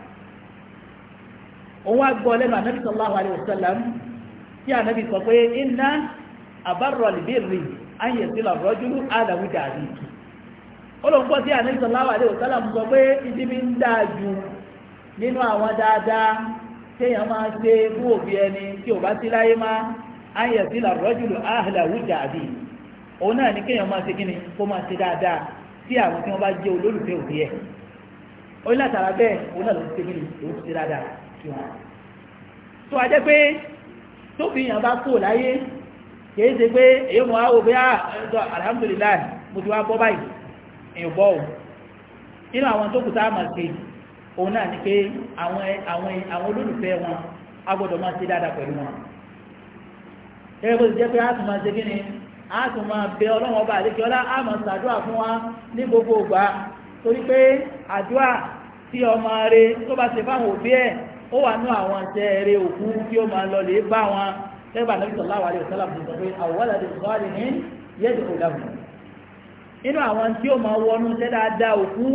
òun wá gbọ́ lẹ́nu ànábì sallallahu alayhi wa sallam tí ànábì sọ pé iná àbárọ̀ lìbéèrè sí lọ rọ́júlù àdàwù dàbí tí ànábì alayhi wa sọ pé ibi mi ń dáa nínú àwọn dáadáa téèyàn máa ṣe fún òbí ẹni tí ò bá sí láyé má ayé sí lọ rọ́júlù àdàwù òun náà ní kéèyàn máa ṣe kó máa tó a jẹ́ pé tó fi yàn bá kò láyé kìí ṣe pé èyí mọ̀ áwò bí alhamdulillah mo ti wá bọ́ báyìí èyàn bọ́ ò nínú àwọn tó kù sáà máa ṣe òun náà ni pé àwọn olólùfẹ́ wọn a gbọ́dọ̀ máa ṣe dáadáa pẹ̀lú wọn gẹ́gẹ́ bó ti jẹ́ pé a tún máa ṣe kí ni a tún máa bẹ ọlọ́wọ́n bá àdékẹ́ ọlá a máa ṣàdúrà fún wa ní gbogbo ìgbà torí pé àdúrà tí ọmọ rẹ tó bá ṣe fáwọn òbí ẹ̀ ó wà nú àwọn jẹ́ eré òkú kí ó máa lọ lè bá wọn lẹ́gbàá nàbí sọ̀lá wà lè sọ́lá fún sọ pé àwọ̀wọ́lá lè sọ́ lè ní yẹ́dì kò dáhùn inú àwọn tí ó máa wọnú tẹ́ dáadáa òkú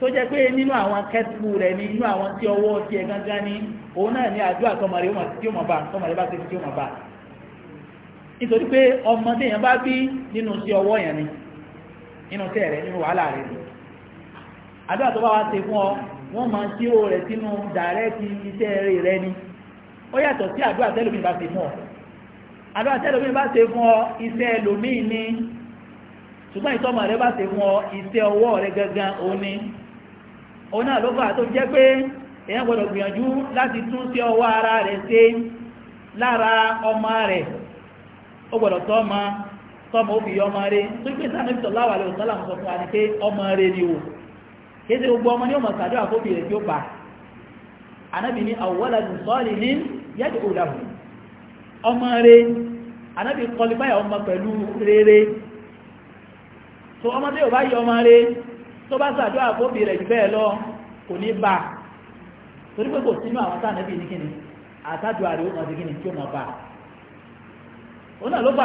tó jẹ́ pé nínú àwọn kẹ́tù rẹ̀ ní inú àwọn tí ọwọ́ ti ẹ̀ gángan ní òun náà ní àdúrà tọmọrẹ tí ó mọ̀ bá tọmọrẹ bá ti tí ó mọ̀ bá nítorí pé ọmọ tí bá bí nínú sí ọwọ́ yẹn ni inú tẹ́ rẹ̀ nínú wàhálà rẹ̀ àdúrà tó bá wá ṣe fún ọ wọ́n máa tí ó rẹ̀ sínú dàrẹ́tì iṣẹ́ rẹ̀ ni ó yàtọ̀ sí àdúrà tẹ́lómi bá ṣe fún ọ àdúrà tẹ́lómi bá ṣe fún ọ iṣẹ́ ni ṣùgbọ́n ìtọ́mọ̀ rẹ bá ṣe fún ọ iṣẹ́ ọwọ́ rẹ gangan òní tó jẹ́ pé èèyàn gbọ́dọ̀ gbìyànjú láti tún sí ọwọ́ ara rẹ̀ ṣe lára ọmọ rẹ̀ ó gbọ́dọ̀ tọ́mọ ó ọmọ rẹ̀ tó gbé sáà kéde gbogbo ọmọ ní ọmọ sàdọ́ àkóbì rẹ̀ tí ó bá anábì ní awwaladun salihin yad'u lahu ọmọ rẹ̀ anábì kọlifáyà ọmọ pẹ̀lú rere so ọmọ tí ó bá yí ọmọ rẹ̀ tó bá sàdọ́ àkóbì rẹ̀ jù bẹ́ẹ̀ lọ kò ní bá torí pé kò sínú àwọn tá anábì ní kíni àtàjọ àrẹ ó mọ̀ sí kíni tí ó mọ̀ bá òun náà ló fà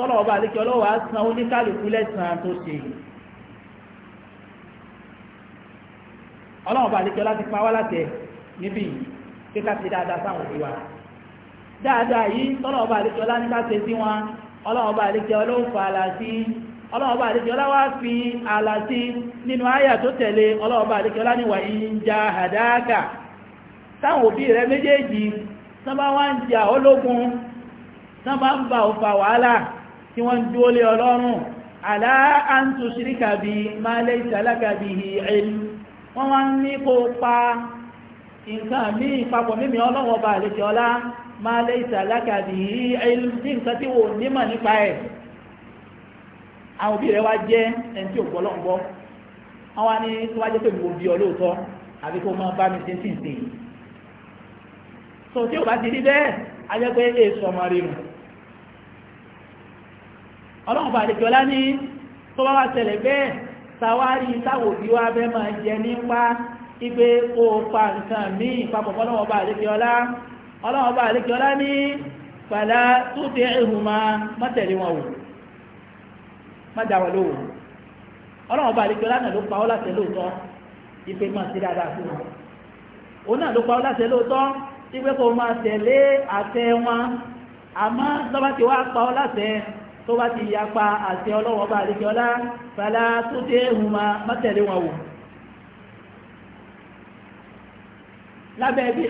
tọ́lọ̀ ọba àlékí ọlọ́wà san oníkálùkù lẹ́sàn tó ṣe ọlọ́wà àlékí ọlá ti pa wá látẹ̀ níbi kíkà sí dáadáa sáwọn òbí wa dáadáa yìí tọ́lọ̀ ọba àlékí ọlá nípa ṣe sí wọn ọlọ́wà ọba ọlọ́wà ọlá wá fi àlá sí nínú àyà tó tẹ̀lé ọlọ́wà ọlá níwà ìjà àdáàkà òbí rẹ méjèèjì sábà wá ń jà sábà ń wàhálà tí wọ́n dúó lé ọlọ́run àlá an tushrika bí ma laysa laka bihi ilm wọ́n wá ń ní kó pa nǹkan mí papọ̀ mímí ọlọ́wọ́ bá àlejò ọlá ma laysa laka bihi ilm ní nǹkan tí wò nímọ̀ nípa ẹ̀ àwọn òbí rẹ̀ wá jẹ́ ẹni tí ò gbọ́ wọ́n wá ní tí wọ́n jẹ́ pé mo bí àbí kó máa bá mi ṣe sí ìsìn so tí ò bá ti rí bẹ́ẹ̀ a jẹ́ pé èso ọmọ rẹ̀ ọlọ́run bá àdéjọlá ní tó bá wá ṣẹlẹ̀ bẹ́ẹ̀ sàwárí táwòbí wá bẹ́ẹ̀ máa jẹ nípa ipe kó pa nǹkan míì papọ̀ ọlọ́run bá àdéjọlá ọlọ́run bá àdéjọlá ní fàlà tó tẹ ẹ̀hùn máa mọ́tẹ̀lé wọn wò má dá wọn lówó ọlọ́run bá àdéjọlá náà ló pa ọ́ láti lóòótọ́ tó bá ti yapa àti ọlọ́wọ́ bá àríkẹ́ ọlá fàlá tó dé ehun ma mọ́tẹ̀lé wọn wò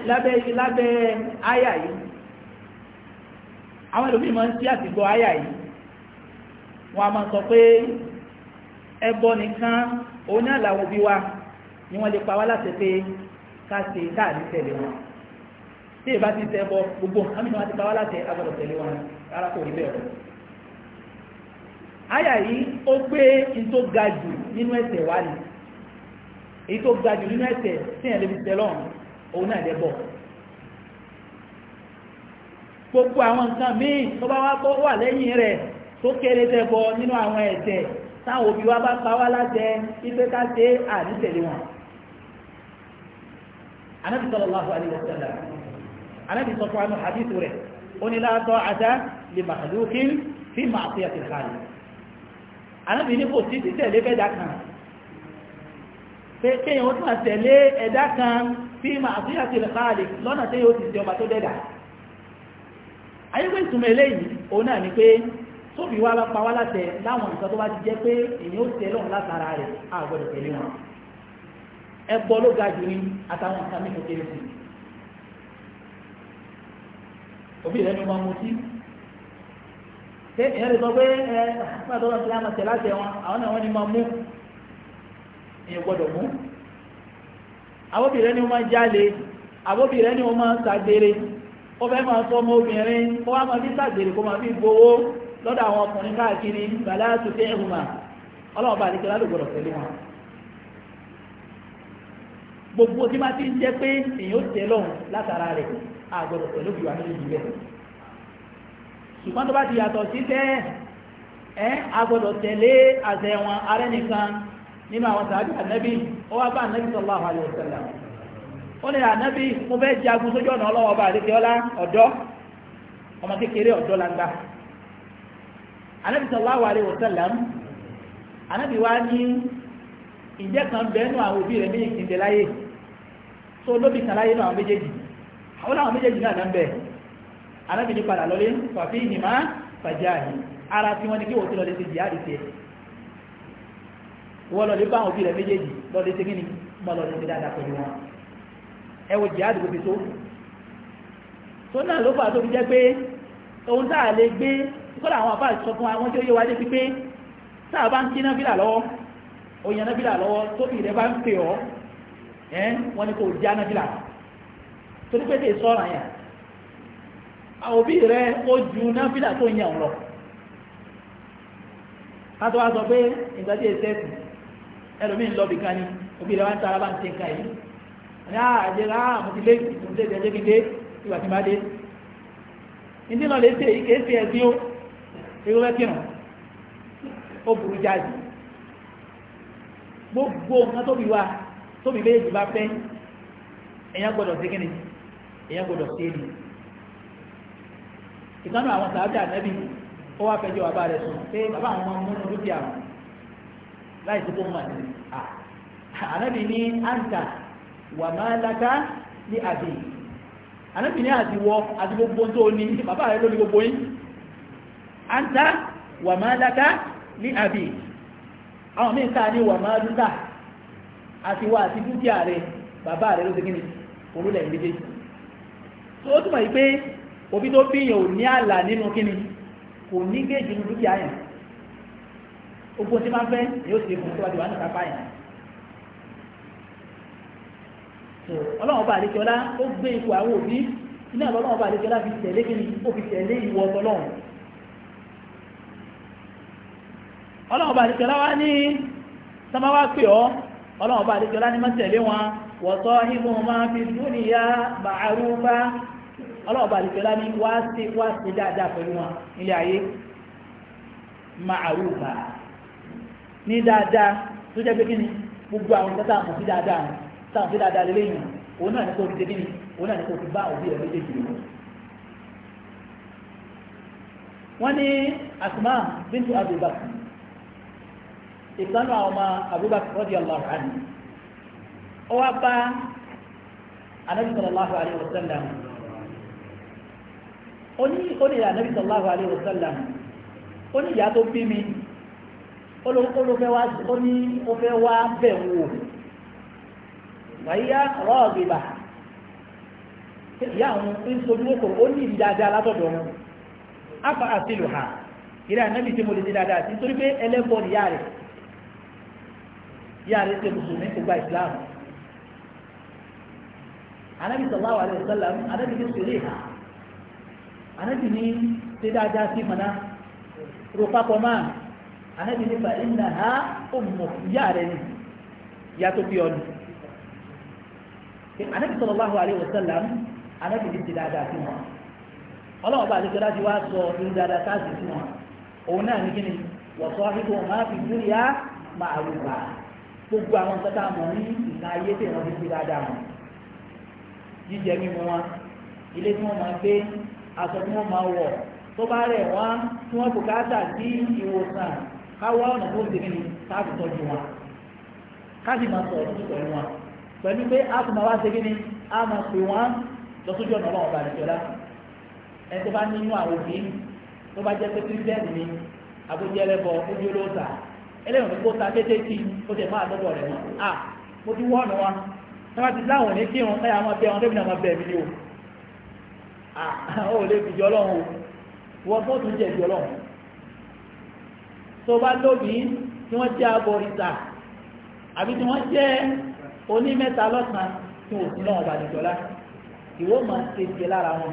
lábẹ́ àyà yìí àwọn ẹlòmíì máa ń tí àti gbọ́ àyà yìí wọn a máa sọ pé ẹbọ nìkan òun náà làwọn òbí wa ni wọ́n lè pa wá láti pé ká ṣe káàdì tẹ̀lé wọn tí ìbá ti tẹ́ bọ gbogbo àmì ni wọ́n ti pa wá láti agbọ́dọ̀ tẹ̀lé wọn rárá bẹ́ẹ̀ rẹ̀ àyà yìí ó gbé in tó ga jù nínú ẹ̀ṣẹ̀ wá ni èyí tó ga jù nínú ẹ̀ṣẹ̀ tí ẹ̀ lè fi tẹ̀ lọ́rùn òun náà lẹ́bọ̀ gbogbo àwọn nǹkan míì tó bá wá bọ́ wà lẹ́yìn rẹ̀ tó kéré tẹ́bọ nínú àwọn ẹ̀ṣẹ̀ táwọn òbí wa bá pa wá láṣẹ ipe ká ṣe àdìtẹ̀lé wọn anábì sallallahu alaihi wasallam anábì sọ fún àwọn hadith rẹ̀ ó ní la ta'ata li fi ma'siyatil khaliq anábì ní kò sí títẹ̀lé fẹ́dà kan pé kéèyàn ó túnmà tẹ̀lé ẹ̀dá kan fi ma àfíyà ti lẹ́kàálì lọ́nà tí yóò ti jẹ ọba tó dẹ́dà ayégbé ìtumọ̀ eléyìí òun náà ni pé tóbi wá bá pa wá látẹ̀ láwọn nǹkan tó bá ti jẹ́ pé èyàn ó tẹ̀ lọ́n látara rẹ̀ àgbọ̀dọ̀ tẹ̀lé wọn ẹbọ ló ga jù ní àtàwọn nǹkan mẹ́fẹ̀ẹ́ sí òbí rẹ̀ ni mú sí ṣé èèyàn lè sọ pé ẹ pàtó láti ẹ̀wọ̀n àwọn náà wọ́n máa mú èèyàn gbọ́dọ̀ mú àbóbìnrin ni wọ́n máa àbóbìnrin ni wọ́n máa ó fẹ́ máa sọ ọmọ obìnrin kó wá máa fi kó máa fi gbowó lọ́dọ̀ àwọn ọkùnrin káàkiri bàlá tuntun ẹ̀hùnmá gbogbo tí ti ń jẹ́ pé èèyàn ó látara rẹ̀ àgbọ̀dọ̀ ṣùgbọ́n tó bá ti yàtọ̀ síṣẹ́ ẹ́ agbọ́dọ̀ tẹ̀lé àṣẹ arẹ́ nìkan nínú àwọn sàájú ànábì ó wá bá ànábì sallallahu alaihi wasallam ó ní ànábì mo fẹ́ jagun sójú ọ̀nà ọlọ́wọ́ bá àdékè ọlá ọ̀dọ́ ọmọ kékeré la wá ní ìjẹ́ kan àwọn òbí rẹ̀ láyé tó lóbi arábìnrin padà lọlé fàfí ìhìnmá fàjáàhì ara tí wọ́n ní kí wọ́n ti lọ lè ṣe jihadi tiẹ̀ wọ́n lọ lè bá àwọn òbí rẹ̀ méjèèjì lọ lè ṣe kí ni mọ́ lọ lè ṣe dáadáa pẹ̀lú wọn ẹ wo jihadi gbogbo tó tó náà ló fà tó fi jẹ́ pé ohun tá a lè gbé kọ́lá àwọn àbá sọ fún àwọn tí ó yé wájé sí pé tá a bá ń kí náfìlà lọ́wọ́ òyìn náfìlà lọ́wọ́ tó ìrẹ́ bá ń pè ọ́ ẹ́ wọ́n ní kò já náfìlà torí pé tè sọ́ràn yẹn àwọn òbí rẹ ó ju náfílà tó yàn lọ látọ́ wá sọ pé ìgbà tí èsẹ́kù ẹlòmí ń lọ bí kan ní òbí rẹ wá ń tara bá ń tẹ nǹkan yìí ní àjẹrà àmọ́ ti lé ìtùn tẹ́ ìjẹ́ kíndé ìwà tí máa dé ìdí lọ lè ṣe ìkéèsì ẹ̀ sí ó irú rẹ kírun ó burú jáde gbogbo nǹkan tóbi wá tóbi méjì bá fẹ́ èèyàn gbọ́dọ̀ sí kíni èèyàn gbọ́dọ̀ sí ènìyàn ìkánú àwọn sàájú ànẹ́bí ó wá fẹjọ́ bàbá rẹ̀ sùn pé bàbá àwọn ọmọ múnú dúkìá wọn láì tó tó mọ̀ ní ànẹ́bí ní àǹtà wà máa lága ní àbí ànẹ́bí ní àtiwọ́ àti gbogbo tó ní bàbá rẹ̀ lórí gbogbo yín àǹtà wà máa lága ní àbí àwọn míì ká ní wà máa dúkà àtiwọ́ àti dúkìá rẹ̀ bàbá rẹ̀ ló ti kí ni olúlẹ̀ méjèèjì tó túmọ̀ yìí pé Obi tó bí yẹn ò ní àlà nínú kíni kò ní géèjì nínú dúkìá yẹn gbogbo tí máa fẹ́ ni ó sì fún tó ọlọ́run ọba àdéjọlá ó gbé ipò àwọn òbí iná ọba fi tẹ̀lé kíni ó fi tẹ̀lé ìwọ ọlọ́run ọlọ́run ọba àdéjọlá wá ní sọmáwá pè ọ́ ọlọ́run ọba àdéjọlá ní má tẹ̀lé wọn wọ́tọ́ ibùn máa fi dúnìyà ọlọ́ọ̀bà àlùfẹ́lá ní wá sí wá sí dáadáa pẹ̀lú wọn nílé ayé ma'arufa ní dáadáa tó jẹ́ pé kí ni gbogbo àwọn ìtẹ́ta àwọn sí dáadáa táwọn sí dáadáa lélẹ́ yìí òun náà ní kò fi ṣe kí ni òun náà bá òbí Asma bintu Abubakar ìtànà àwọn ọmọ Abubakar radiyallahu anhu ó wá bá anábìsọ̀rọ̀ àríwọ̀ sẹ́lẹ̀ oníyà anábì sallallahu alaihi wasallam oníyà tó bí mi olófẹ́ wá bẹ̀ wò wáyá rọ́ọ̀gbìbà ìyá àwọn ìṣòjúwòkò ó ní ìdáadáa látọ̀dọ̀ wọn afa àtìlù ha ìrẹ́ ànábì tí mo lè ti dáadáa sí nítorí pé ẹlẹ́bọ ni yáà rẹ̀ yáà rẹ̀ ṣe mùsùlùmí kò gba ànábì ní ṣe dáadáa sí mọ̀nà ro papọ̀ máa ànábì ní fa ìnà ha ó mọ̀ ìyá rẹ̀ ni ìyá tó bí ọdún ànábì sallallahu alaihi wasallam ànábì ní ṣe si sí wọn ọlọ́wọ́ bá àdékọ́lá ti wá sọ irú dáadáa sáàsì sí wọn òun náà ní kíni wọ̀sọ́ àfikún wọn máa fi dúríyá máa gbogbo àwọn nǹkan tá ní ìka ayé tí wọ́n fi ṣe dáadáa wọn jíjẹ mímu wọn ilé tí wọ́n máa gbé aṣọ tí wọ́n máa wọ̀ tó bá rẹ̀ wọ́n tí wọ́n bùkátà sí ìwòsàn káwọ́ ọ̀nà tó ti rìn káàbù tọ́jú wọn káàbù máa sọ ọ̀dọ́ pẹ̀lú wọn pẹ̀lú pé a tún máa wá segin ni a máa pè wọ́n lọ́sọ́jú ọ̀nà ọlọ́run balẹ̀ jọlá ẹni tó bá nínú àwọn òbí tó bá jẹ́ pé kírísítẹ́nì ni àbójẹ́lẹ́bọ ojú olóòtà ẹlẹ́wọ̀n kó ta kété kí ó tẹ̀ máa dọ́dọ̀ rẹ̀ wọn a mo ti wọ́ọ̀nù wọn tí wọ́n ti láwọn ní kírun ẹ̀yà máa bẹ wọn Ah, ó lè fi jọ ọlọ́run o wọ́n tó tún jẹ̀bi ọlọ́run tó bá lóbi tí wọ́n jẹ́ abọ̀rìṣà àbí tí wọ́n jẹ́ onímẹ́ta lọ́sàn-án tí wọ́n sì náà bàdìjọ́lá ìwọ máa ń ṣe jẹ lára wọn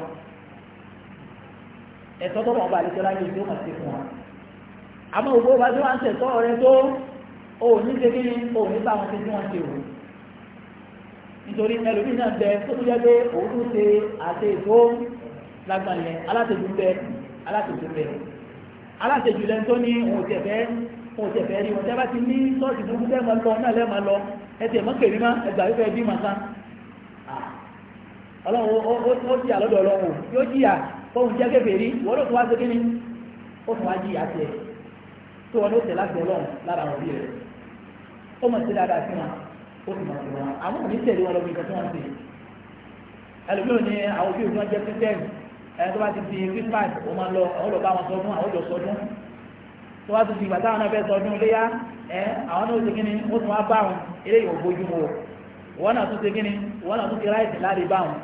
ẹ̀tọ́ tó wọn bá lè tọ́lá yóò tó máa ṣe fún wa àmọ́ ògbó bá tó wá ń tẹ̀tọ́ rẹ tó o ní ṣe kí ni o ní bá wọn ṣe tí wọ́n ṣe o nítorí ẹlòmíì bẹ tó tún jẹ́ pé òun tún ṣe àṣe ètò lágbàá yẹn aláṣejù ń bẹ aláṣejù ń bẹ aláṣejù lẹ́nu tó ní òun tẹ̀fẹ́ òun tẹ̀fẹ́ rí wọn tẹ́fẹ́ ti ní sọ́ọ̀tì tó kúndé máa lọ náà lẹ́ẹ̀ máa lọ ẹsẹ̀ mọ́ kèrè má ẹgbà wípé bí màá sán ọlọ́run ó jìyà lọ́dọ̀ ọlọ́run yóò jìyà fóun jẹ́ kèfèrí wọ́n ló tún wá sí kíní ó tún wá jìyà tiẹ̀ tó wọn ló tẹ̀ láti ọlọ́run lára àwọn òbí rẹ̀ ó mọ̀ sí dáadáa sí wọn ó sì mọ̀ sí wọn àmọ́ òní tẹ̀lé wọn lọ́gbìn kan tí wọ́n ń ṣe ẹlòmíràn ni àwọn òbí òun jẹ́ kírísítẹ́nì ẹni tó bá ti fi christmas ó máa lọ àwọn olùkọ́ àwọn sọdún àwọn òjò sọdún tó bá ti fi ìgbà táwọn náà fẹ́ sọdún léyà ẹ àwọn náà ó ti kíni ó tún wá bá wọn eléyìí ò bójú mu o wọn náà tún ti kíni wọn náà tún ti ráìsì láre bá wọn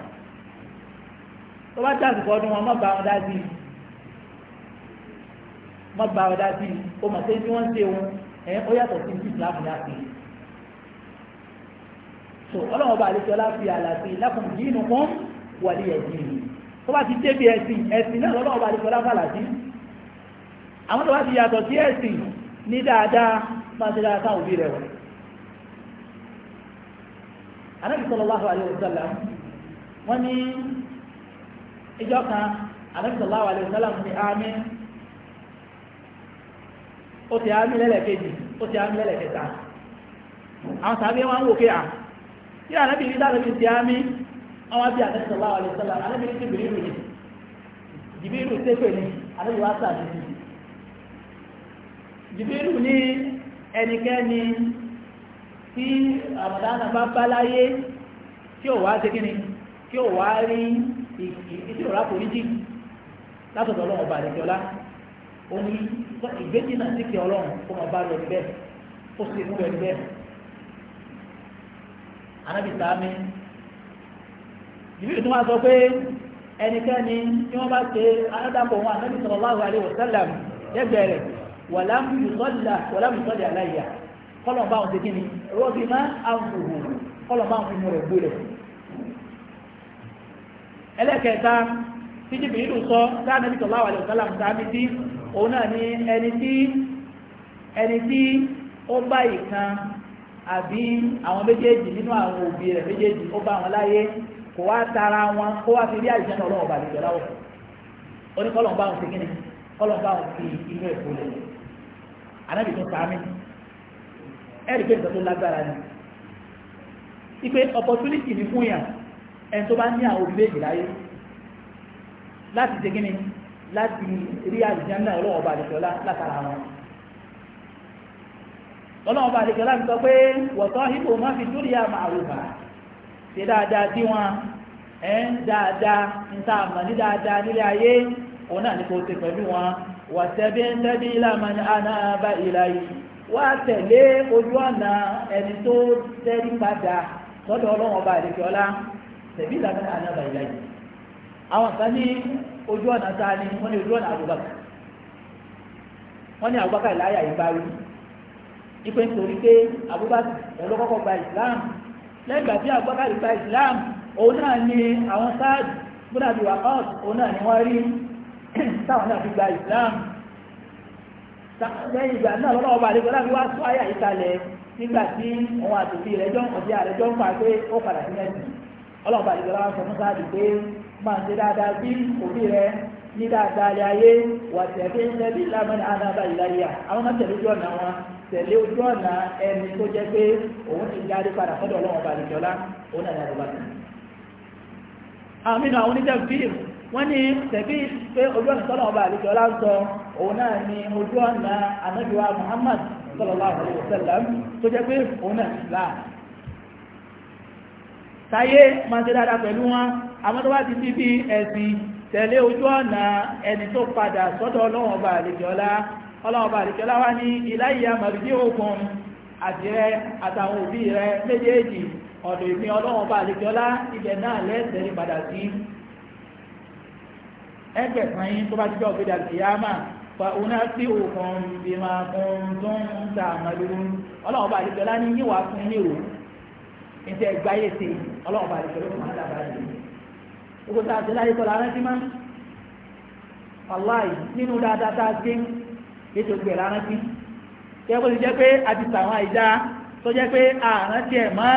tó bá jáde kọ́ ọdún wọn má bá wọn dá sí i má bá wọn dá sí i ó mọ̀ pé tí wọ́n ń ṣe wọn ẹ ó yàtọ̀ sí ti ìsìlámù ní àpè ọlọ́wọ́n bá àlejò ọlá fi àlàfé lákùnrin yìí nù kún wàlíyà yìí tó bá ti débi ẹ̀sìn ẹ̀sìn náà lọ́wọ́ ọba àdìsọ́lá fàlàjì àwọn tó bá ti yàtọ̀ sí ẹ̀sìn ní dáadáa máa ti dáadáa táwọn òbí rẹ̀ wọ̀ anábì sallallahu alaihi wasallam wọ́n ní ìjọ kan anábì sallallahu alaihi wasallam ní àmì ó ti àmì lẹ́lẹ̀kejì ó ti àmì lẹ́lẹ̀kẹta àwọn sàbí wọn wò pé à kí ànábì rí àwọn bí àtẹ́sí sọ̀lá wà lè sọ̀lá alẹ́bí ní jìbìrì rù ní jìbìrì rù tẹ́fẹ̀ ní alẹ́bí wá sà ní jìbìrì rù ní ẹnikẹ́ni tí àmàdánà bá bá tí ò wá ṣe ni tí ò wá rí ìtí òrà kò ní jì látọ̀dọ̀ ọlọ́run ọba àdìjọlá òun ìgbésí náà sì kí ọlọ́run kó máa bá lọ bẹ́ẹ̀ kó sì mú bẹ́ẹ̀ bẹ́ẹ̀ anábìsámi ìbí tó máa sọ pé ẹnikẹ́ni tí wọ́n bá ṣe aládàpọ̀ wọn àtẹ́bí sallallahu alaihi wasallam lẹ́gbẹ̀ẹ́ rẹ̀ wàlámùsọ́lẹ̀ aláìyá kọ́lọ̀ bá wọn ṣe kí ni rọ́bì máa àwòrán kọ́lọ̀ bá wọn fi mú rẹ̀ gbólẹ̀ ẹlẹ́kẹta tí jìbìrìlù sọ dáàbí sallallahu alaihi wasallam dáàbí sí òun náà ni ẹni tí ẹni tí ó kò wá tara wọn kó wá fi rí àìsàn ọlọ́wọ́ bàlẹ̀ ìjọba òkú ó ní ti inú ẹ̀kọ́ lẹ̀ anábì tó ta ẹ̀rí pé nǹkan tó lágbára ni ipe opportunity ni fún yàn ẹni tó bá ní àwọn òbí méjì láyé láti fi dúró yà máa wò bàá ṣe dáadáa sí wọn ẹ̀ ń dáadáa ń tá a mọ̀ ní dáadáa nílé ayé òun náà ní kò pẹ̀lú wọn wàtẹ́bí ń tẹ́bí lámàní anáàbá ìlàyé wá tẹ̀lé ojú ọ̀nà ẹni tó tẹ́rí padà sọ́dọ̀ ọlọ́wọ́n ọba àdékẹ́ ọlá tẹ̀bí lámàní anáàbá ìlàyé àwọn kan ní ojú ọ̀nà ta ni wọ́n ní ojú ọ̀nà àbúgbàgbà wọ́n ní ìláyà ìbáwí nítorí pé lẹ́gbàá tí àgbákàrí gba islam òun náà ni àwọn sáàdì búnà bí wà ọ́t òun náà ni wọ́n rí táwọn náà fi gba islam lẹ́yìn ìgbà náà lọ́wọ́ bá lẹ́gbàá láti wá sọ ayé àyíkalẹ̀ nígbà tí òun àtòbí rẹ̀ jọ ọ̀dí ààrẹ jọ ń pa pé ó padà sí mẹ́sìn ọlọ́ọ̀bá lẹ́gbàá sọ fún sáàdì pé máa ṣe dáadáa bí òbí rẹ̀ ní dáadáa ayé wà tẹ̀lé ń tẹ̀lé lámẹ́ni àdáadáa ìlàyà àwọn náà tẹ̀lé jọ̀ọ̀nà wọn tẹ̀lé ojú ọ̀nà ẹni tó jẹ́ pé òun ti dárí padà fọ́dọ̀ ọlọ́wọ́ balùjọ́lá òun náà yàrá bàtà. àmì náà oníjẹ́ wọ́n ní tẹ̀bí pé ojú ọ̀nà sọ òun náà ni ojú ọ̀nà anábìwá Muhammad sallallahu alaihi tó jẹ́ pé òun náà Islam. táyé máa ń ṣe dáadáa pẹ̀lú wọn àmọ́ tó bá ti ti ọlọ́ọ̀bà àríkẹ́lá wá ní iláyà màrìdí òkun àti rẹ àtàwọn òbí rẹ méjèèjì ọ̀dọ̀ ìpín ọlọ́ọ̀bà àríkẹ́lá ibẹ̀ náà lẹ́sẹ̀ ní padà sí ẹgbẹ̀sán tó bá ti jẹ́ ọ̀gbẹ́dà kìyàmà fa una sí máa ń ta ètò ìgbẹ̀ lárántí jẹ́ kó ti jẹ́ pé a ti tàwọn àìdá tó jẹ́ pé àrántí ẹ̀ mọ́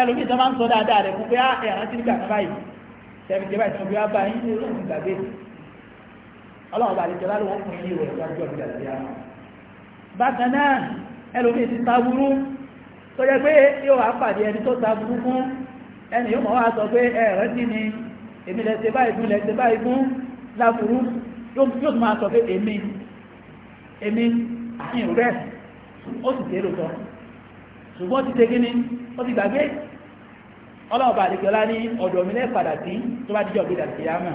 ẹlòmí ìtàn máa ń sọ dáadáa rẹ̀ fún pé àrántí ah, nígbà kan báyìí tẹ̀mí jẹ́ báyìí tí wọ́n bí wá bá yín ní olóògùn ìgbàgbé ọlọ́run bá lè jọ lálọ́ wọ́n fún yín ìwẹ̀ ìwájú ọ̀gbìn àti àwọn bákan náà ẹni yóò mọ̀ wá sọ pé ẹ̀rántí ni èmi lẹ́sẹ̀ báyìí fún lẹ́sẹ̀ báyìí fún láburú yóò máa sọ pé èmi èmi àyìn rẹ̀ ó sì tẹ́ lóòótọ́ ṣùgbọ́n ti tẹ́ kíní ó ti gbàgbé ọlọ́ọ̀bà àdìgbọ́lá ní ọ̀dọ̀ mi lẹ́ẹ̀padà sí tó bá díjọ́ gbéra sí àmà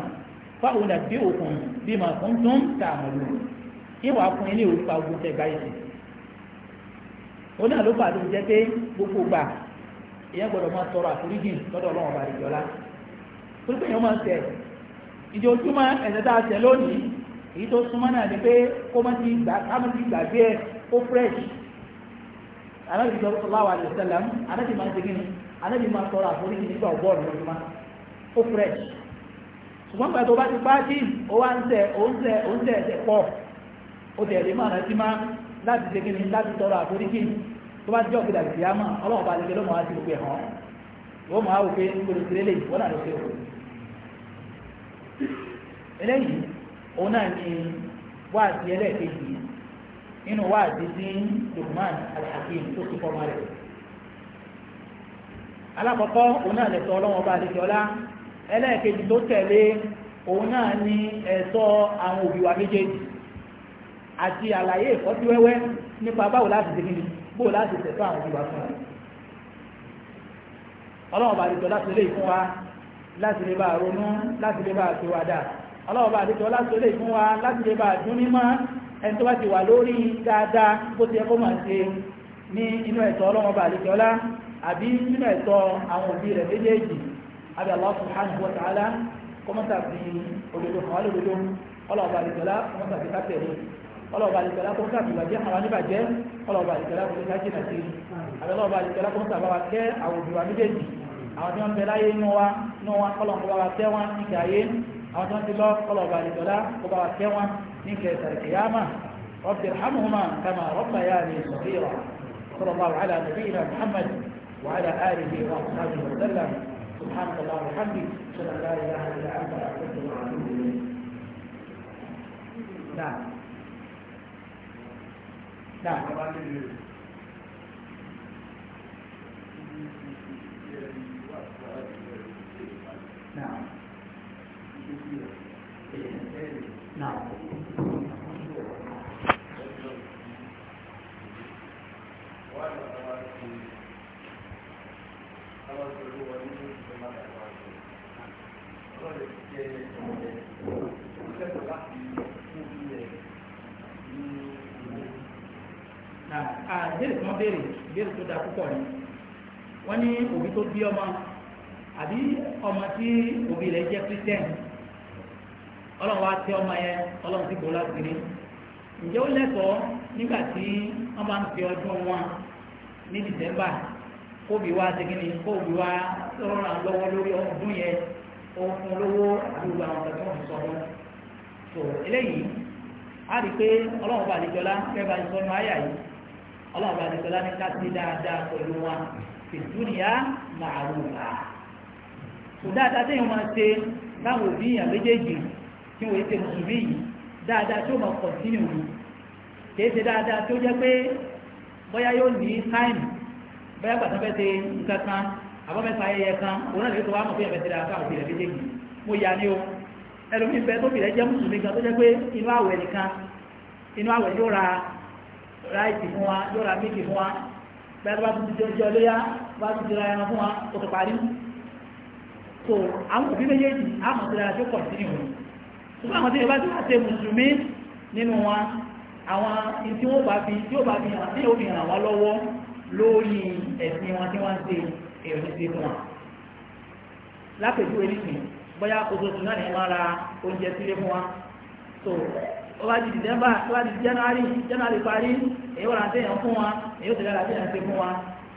fáwọn olùdàbí òkun bí màá fún tó ń ta àmọ̀lù ìwà fún ilé òrùka ogun tẹ̀ báyìí sí ó náà ló fàdúró jẹ́ pé gbogbo gbà ìyẹn gbọ́dọ̀ máa tọrọ àforíjì lọ́dọ̀ ọlọ́ọ̀bà àdìgbọ́lá torí pé èèyàn máa ń tẹ̀ ìjọ ojúmọ́ ẹ̀sẹ̀ tá a tẹ̀ lónìí èyí tó súnmọ́ náà ni pé kó má ti gbà ká má ti gbàgbé ẹ̀ ó fresh anábì sọ láwà àti sẹlẹm anábì máa ń segin ni anábì máa tọrọ àforíjì nígbà bọ́ọ̀lù lójúmọ́ ó fresh ṣùgbọ́n pẹ̀lú tó bá ti bá jí ó wá ń tẹ̀ ó ń tẹ̀ ó ń tẹ̀ ẹ̀tẹ̀ pọ̀ ó tẹ̀ lè máa rántí má láti segin ni láti tọrọ àforíjì tó bá jẹ́ òkè dàbí fìyàmà ọlọ́run bá lè lọ́mọ wá sí gbogbo ẹ̀hán wọ́n máa wò pé kòlòsìrẹ́lẹ̀ wọ́n náà lọ sí òkè eléyìí òun náà ni wáàsí ẹlẹ́ẹ̀kejì nínú wáàsí sí Luqman al-Hakim tó ti fọmọ rẹ̀ alákọ̀ọ́kọ́ òun náà lẹ̀tọ́ ọlọ́wọ́n bá àdéjọ́ lá ẹlẹ́ẹ̀kejì tó tẹ̀lé òun náà ni ẹ̀tọ́ àwọn òbí wa méjèèjì àti àlàyé ìfọ́sí wẹ́wẹ́ nípa báwo láti ṣe kíni bó láti tẹ̀tọ́ àwọn òbí fún wa ọlọ́wọ́n bá àdéjọ́ láti lè fún wa láti lè bá ronú láti lè bá ṣe wa dáa ọlọ́ọ̀bá àdíkẹ́ ọlásọ́lẹ̀ fún wa láti lè bá dún ní máa ẹni tó bá ti wà lórí dáadáa bó ti ẹkọ́ máa ṣe ní inú ẹ̀tọ́ ọlọ́ọ̀bá àdíkẹ́ ọlá àbí nínú ẹ̀tọ́ àwọn òbí rẹ̀ méjèèjì àbí Allah subhanahu wa ta'ala kọ́mọ́tà fi àwọn tó ń ti lọ kọlọ̀ ọba àdìgbọ́lá kó bá wa kẹ́ رب ارحمهما كما ربياني صغيرا صلى الله على نبينا محمد وعلى آله وأصحابه وسلم سبحانك اللهم وبحمده أشهد أن لا إله إلا أنت أستغفرك وأتوب إليك نعم نعم نعم نعم ìbéèrè kan béèrè ìbéèrè tó dáa púpọ̀ ni wọ́n ní òbí tó bí ọmọ àbí ọmọ tí òbí rẹ̀ jẹ́ Christian ọlọ́run wá ọmọ yẹn ọlọ́run ti gbòó láti rí ǹjẹ́ ó nígbà tí wọ́n bá ń fi ọdún wọn ní dìsẹ́mbà kóbi wá segin kóbi wá lọ́wọ́ lórí ọdún yẹn àdúgbò àwọn ọ̀sẹ̀ sọ tó eléyìí a rí i pé bá àdìjọlá kẹ́ bá ìsọnù àyà yìí bá àdìjọlá ní dáadáa pẹ̀lú wọn kò dáadáa téèyàn máa tí wọ́n ṣe mùsùlùmí yìí dáadáa tó máa kọ̀ntínú ni kìí ṣe dáadáa tó jẹ́ pé bóyá yóò ní táìmù bóyá gbàtà fẹ́ ṣe nǹkan kan àbọ̀mẹ́sà ayẹyẹ kan òun náà lè tó wá mọ̀ fún ìyàfẹ́ ṣe dáadáa òbí rẹ̀ méjèèjì mo yà ni o ẹlòmí bẹ tó bìrẹ̀ jẹ́ mùsùlùmí kan tó jẹ́ pé inú àwẹ̀ nìkan inú àwẹ̀ yóò ra ráìtì fún wa yóò ra mílìkì fún wa bẹ́ẹ̀ tó bá tún ti jẹ́ ọjọ́ léyà bá tún ti ra ẹran fún wa ó ti parí so àwọn òbí méjèèjì á mọ̀ sí dáadáa tó kọ̀ọ̀tì nìyẹn nígbà àwọn tí ìbá ti wá ṣe mùsùlùmí nínú wa àwọn tí wọ́n bá fi tí ó bá fi hàn tí ó fi hàn wá lọ́wọ́ lórí ẹ̀sìn wọn tí wọ́n ń ṣe èrò ṣe fún wa lápèjúwe nìsín bóyá oṣooṣù náà ní máa ra oúnjẹ sílé fún wa so ó bá di december ó bá di january january parí èyí wọ́n rántí èèyàn fún wa èyí ó ti dára sí èèyàn ṣe fún wa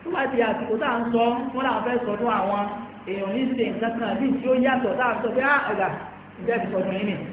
tó bá ti àsìkò tá à ń sọ wọn làwọn fẹ́ sọ fún àwọn èèyàn ní ṣe nǹkan kan bí tí ó yàtọ̀ tá à ń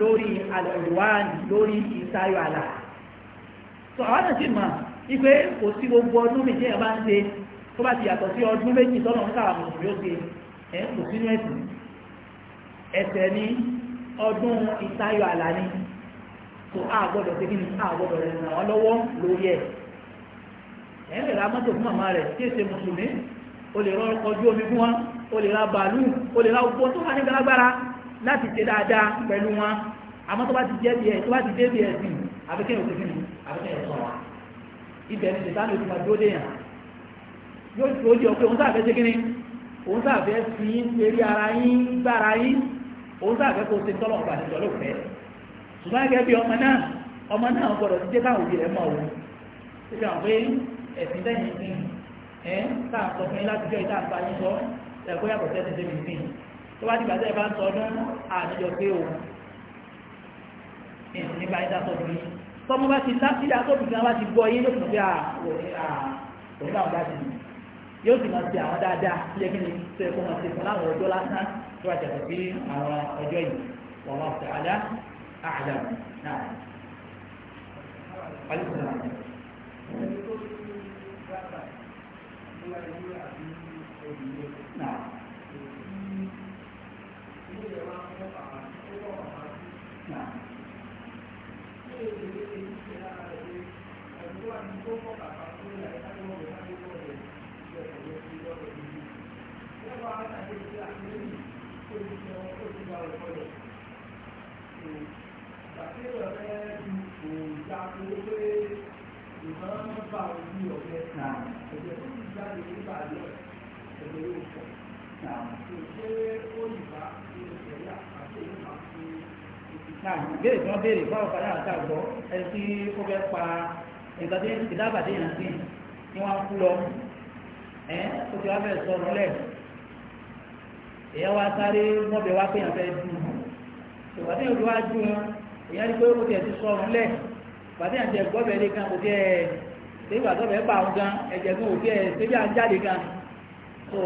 lórí àlọ́wáàní lórí ìsáyọ̀ àlà tó àwọn náà sì mọ̀ ipe kò sí gbogbo ọdún méjì ẹ̀ bá ń ṣe tó bá ti yàtọ̀ sí ọdún méjì tọ́nà ń káwà mùsùlùmí ó ṣe ẹ̀ kò sínú ẹ̀sìn ẹ̀sẹ̀ ní ọdún ìsáyọ̀ àlà ni tó a gbọ́dọ̀ ṣe kí ni a gbọ́dọ̀ rẹ̀ ràn wọ́n lọ́wọ́ lórí ẹ̀ ẹ̀ lè ra mọ́tò fún màmá rẹ̀ tí èsè mùsùlùmí o lè rọ ọkọ̀ ojú omi fún wọn o lè ra bàálù o lè ra òpó tó wà nígbàlagbára láti ṣe dáadáa pẹ̀lú wọn àmọ́ tó bá ti jẹ́ bí ẹ̀ tó bá ti dé bí ẹ̀ sìn àbíkẹ́ òkú fún mi àbíkẹ́ ẹ̀ sọ̀rọ̀ ibẹ̀ ni ṣètàn máa yóò tó di ọ̀pẹ òun sáàfẹ́ ṣe òun sáàfẹ́ fi ara yín gbára yín òun kó ṣe tọ́lọ̀ àtijọ́ ló fẹ́ ṣùgbọ́n gẹ́gẹ́ bí ọmọ náà ọmọ náà gbọ́dọ̀ ti jẹ́ káwọn òbí rẹ̀ mọ̀ tó bá dìgbà tẹ́ ẹ bá ń sọdún àníjọ pé o nígbà yín dátọ̀ bí tọ́mọ bá ti láti dátọ̀ bí kan bá ti gbọ́ yín ló fún bí àwọn náà dá sí yóò sì máa ti àwọn dáadáa lé kí ni tó yẹ kó máa ti fún Nah. ìbéèrè tí wọ́n béèrè fáwọn padà àti àgbọ̀ ẹni tí ó fẹ́ pa nǹkan tí ìdábàdé yẹn sí ni wọ́n á kú lọ ẹ̀ ó ti wá bẹ̀rẹ̀ sọ̀rọ̀ lẹ́ẹ̀ èyàn wá sáré mọ́bẹ̀ wá pé yàn fẹ́ dùn ìwádìí yóò wá dùn wọn èyàn rí pé ó tiẹ̀ ti sọ ọ̀run lẹ̀ ìwádìí yàn tiẹ̀ gbọ́bẹ̀ lé kan kò tiẹ̀ ṣégbà tọ́bẹ̀ pa òun gan ẹ̀jẹ̀ gan òkè ẹ̀ ṣébi à ń jáde gan so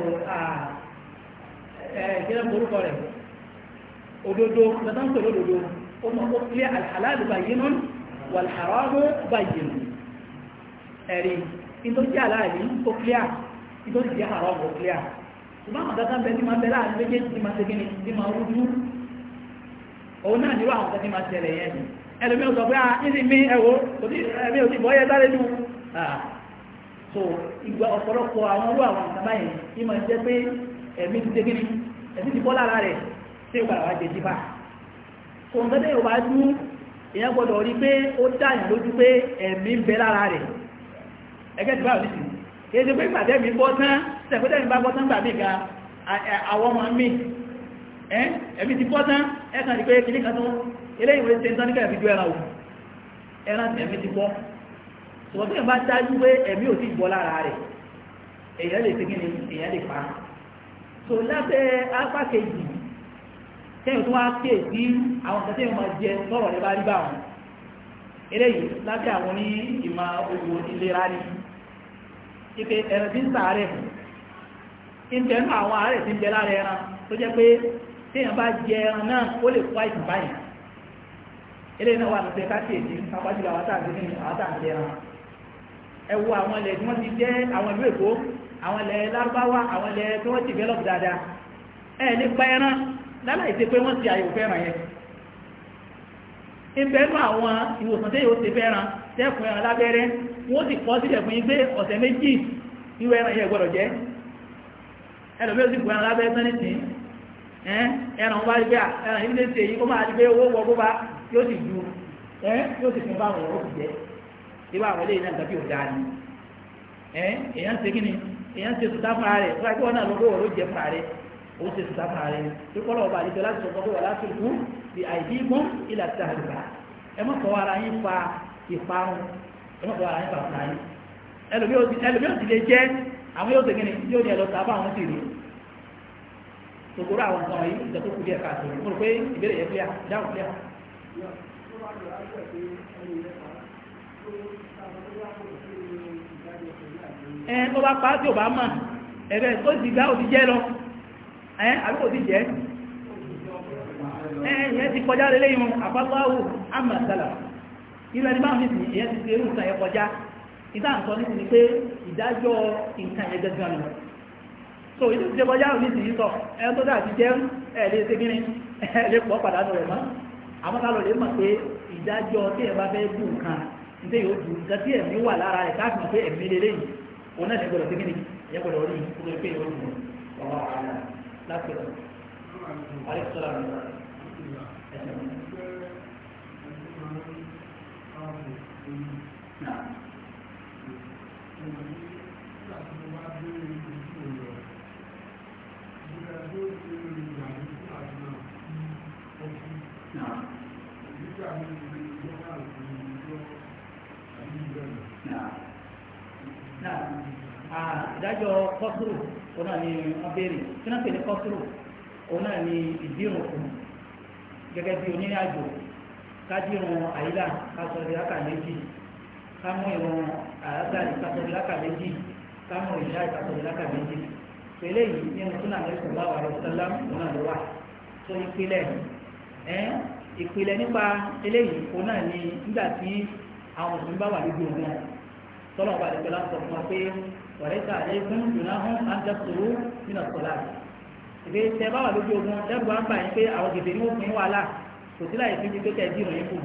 ẹ̀ ìṣẹ́lẹ̀ morúkọ rẹ̀ òdodo gbàtà ń pè lódodo ó mọ̀ ó kílẹ̀ alhàlálù bayyinun wàlhàrámù bayyinun ẹ̀rí nítorí jẹ́ àlàyé ó kílẹ̀ nítorí jẹ́ àrọ́mù ó kílẹ̀ ṣùgbọ́n àwọn kankan bẹ tí máa bẹ láàrin méjèèjì tí máa segin tí máa rújú òun náà nírú àwọn kan tí máa ṣẹlẹ̀ yẹn ẹlòmí ò sọ pé ah ní mi ẹ̀wọ́ ẹ̀mí ò sì bọ́ yẹ sáré nù so ìgbà ọ̀pọ̀lọpọ̀ àwọn olú àwọn ìsàmá yìí tí máa jẹ́ pé ẹ̀mí ti segin ẹ̀mí ti bọ́ lára rẹ̀ tí ó padà wá jẹ jípa kò ń gẹ́gẹ́ yóò bá dún èèyàn gbọ́dọ̀ rí pé ó dáyàn lójú pé ẹ̀mí ń bẹ lára rẹ̀ ẹgẹ́ ti bá sẹ̀kútẹ́ ìbá gbọ́tán gbà mí ga àwọn ọmọ mi ẹ̀mí ti bọ́tán ẹ̀kan ìpé kìlí kan tó eléyìnwé ṣe tán níkà ìfìdú ẹran òun ẹran ti ẹ̀mí ti bọ́ ṣùgbọ́n tí ìbá dájú pé ẹ̀mí ò ti bọ́ lára rẹ̀ èèyàn lè segin ni èèyàn lè pa so lábẹ́ apá kejì kẹ́yìn tó wá ké sí àwọn kan tẹ́yìn máa jẹ lọ́rọ̀ rẹ̀ bá rí bá wọn eléyìí lábẹ́ àwọn ní ìmọ̀ òwò ìlera ni ike ẹ̀rọ ti ń sàárẹ̀ ìtẹ̀nú àwọn ààrẹ ti jẹ lára ẹran tó jẹ́ pé tíyàn bá jẹ ẹran náà ó lè kó àìsàn báyìí ilé náà wà ní pé káṣíyèsí apájúlọ àwọn tàbí ní àwọn àwọn ìwòsàn tí yóò ti fẹ́ràn tẹ́kùn ẹran lábẹ́rẹ́ wọ́n ti kọ́ sílẹ̀ fún yín ọ̀sẹ̀ méjì ìwẹ̀ràn yẹn gbọ́dọ̀ jẹ́ ẹlòmí òsì bùn alábẹ́ ẹgbẹ́ nìsín ẹran wá gbé ẹran ilé ṣe yìí ó máa di pé owó wọ bó bá yóò sì ju yóò sì fún bá àwọn ọ̀rọ̀ jẹ́ irú àwọn eléyìí náà tàbí òdà ni èèyàn ṣe kí ni èèyàn ṣe sùtá fúnra rẹ̀ fúnra kí wọ́n náà lọ́wọ́ ọ̀rọ̀ jẹ́ fúnra rẹ̀ ó ṣe sùtá fúnra rẹ̀ tó kọ́ lọ́wọ́ bá àlejò láti sọ̀kọ́ pé wà láti kú bí àìdí gún ilà ti àwọn yóò tẹ̀gẹ́ni yóò ní ẹ̀lọ́ tàbá àwọn sì rí òkúrò àwọn ọ̀rọ̀ yìí ìjọ tó kù díẹ̀ káàkiri mo rò pé ìbéèrè yẹ fíà dáhùn fíà. ẹ tó bá pa á tí ò bá mọ̀ ẹ̀rẹ́ tó ti gbá òdi jẹ́ lọ ẹ àbí kò ti jẹ́ ẹ ìyẹn ti kọjá lélẹ́yìn àpapọ̀ àwò àmàdàlà ìlànà ìbáwọn fi ìyẹn ti ṣe irú nǹkan kọjá ìdá nǹkan nínú ni pé ìdájọ́ nǹkan yẹn so ìdí ti jẹbọ yáò ní ti yí sọ tó ti jẹ́ ẹ̀lẹ́ ṣe gírin ẹ̀lẹ́ pọ̀ padà rẹ̀ lè mọ̀ pé ìdájọ́ tí bá fẹ́ bù nǹkan yóò nǹkan tí ẹ̀mí wà lára káàkiri pé ẹ̀mí lélẹ́ ìdájọ́ kọ́sùrù òun náà ni wọ́n béèrè kí wọ́n pè ní kọ́sùrù òun náà ni ìdírun kù gẹ́gẹ́ bí onírìn àjò ká dírun àyílà ká sọ ìdáka kámú ìwọn àádọ́rin ìtàkùnrin lákàméjì kámú ìṣá ìtàkùnrin lákàméjì pẹ̀lẹ́ yìí nínú súnà lẹ́sùn bá wàá lọ́sọ́lá náà ló wà tó ìpìlẹ̀ ẹ̀ ìpìlẹ̀ nípa eléyìí òun náà ni nígbà tí àwọn òṣèlú bá wà lójú òun náà tọ́lọ̀ bá lẹ́sọ̀ láti sọ fún wa pé wàlẹ́sà àlékún dùnà hàn ájàkùrú nínú ọ̀sọ̀lá ìgbé tẹ bá wà lójú ogun lẹ́gbọ̀n àgbà yín pé àwọn gèdè ní òfin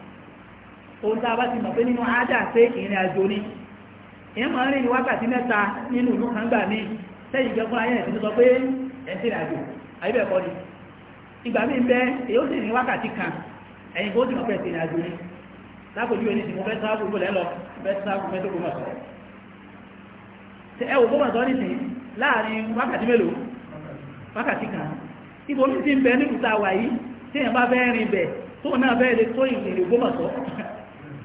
ohun tá a bá ti mọ̀ pé nínú ádà pé ìrìn àjò ni ìyẹn máa ń rìn wákàtí mẹ́ta nínú ìlú kan gbà mí sẹ́yìn ìjọ fúnra yẹn ti sọ pé ẹ̀ ń tẹ̀lé àjò àyíbẹ̀ kọ́ ni ìgbà mí bẹ́ èyí ó sì rìn wákàtí kan ẹ̀yìn kó sì mọ̀ pé tẹ̀lé àjò ni lápòjú ẹni tí mo fẹ́ sáà gbogbo lẹ́lọ fẹ́ sáà gbogbo mẹ́tò gbogbo ọ̀sọ̀ ẹ wò gbogbo ọ̀sọ̀ nìsín láàrin wákàtí mélòó wákàtí kan ibo mi ti ń bẹ nílùú tá a wà yìí tí èèyàn bá fẹ́ rìn bẹ̀ tó náà fẹ́ lè tó ìrìn gbogbo ọ̀sọ̀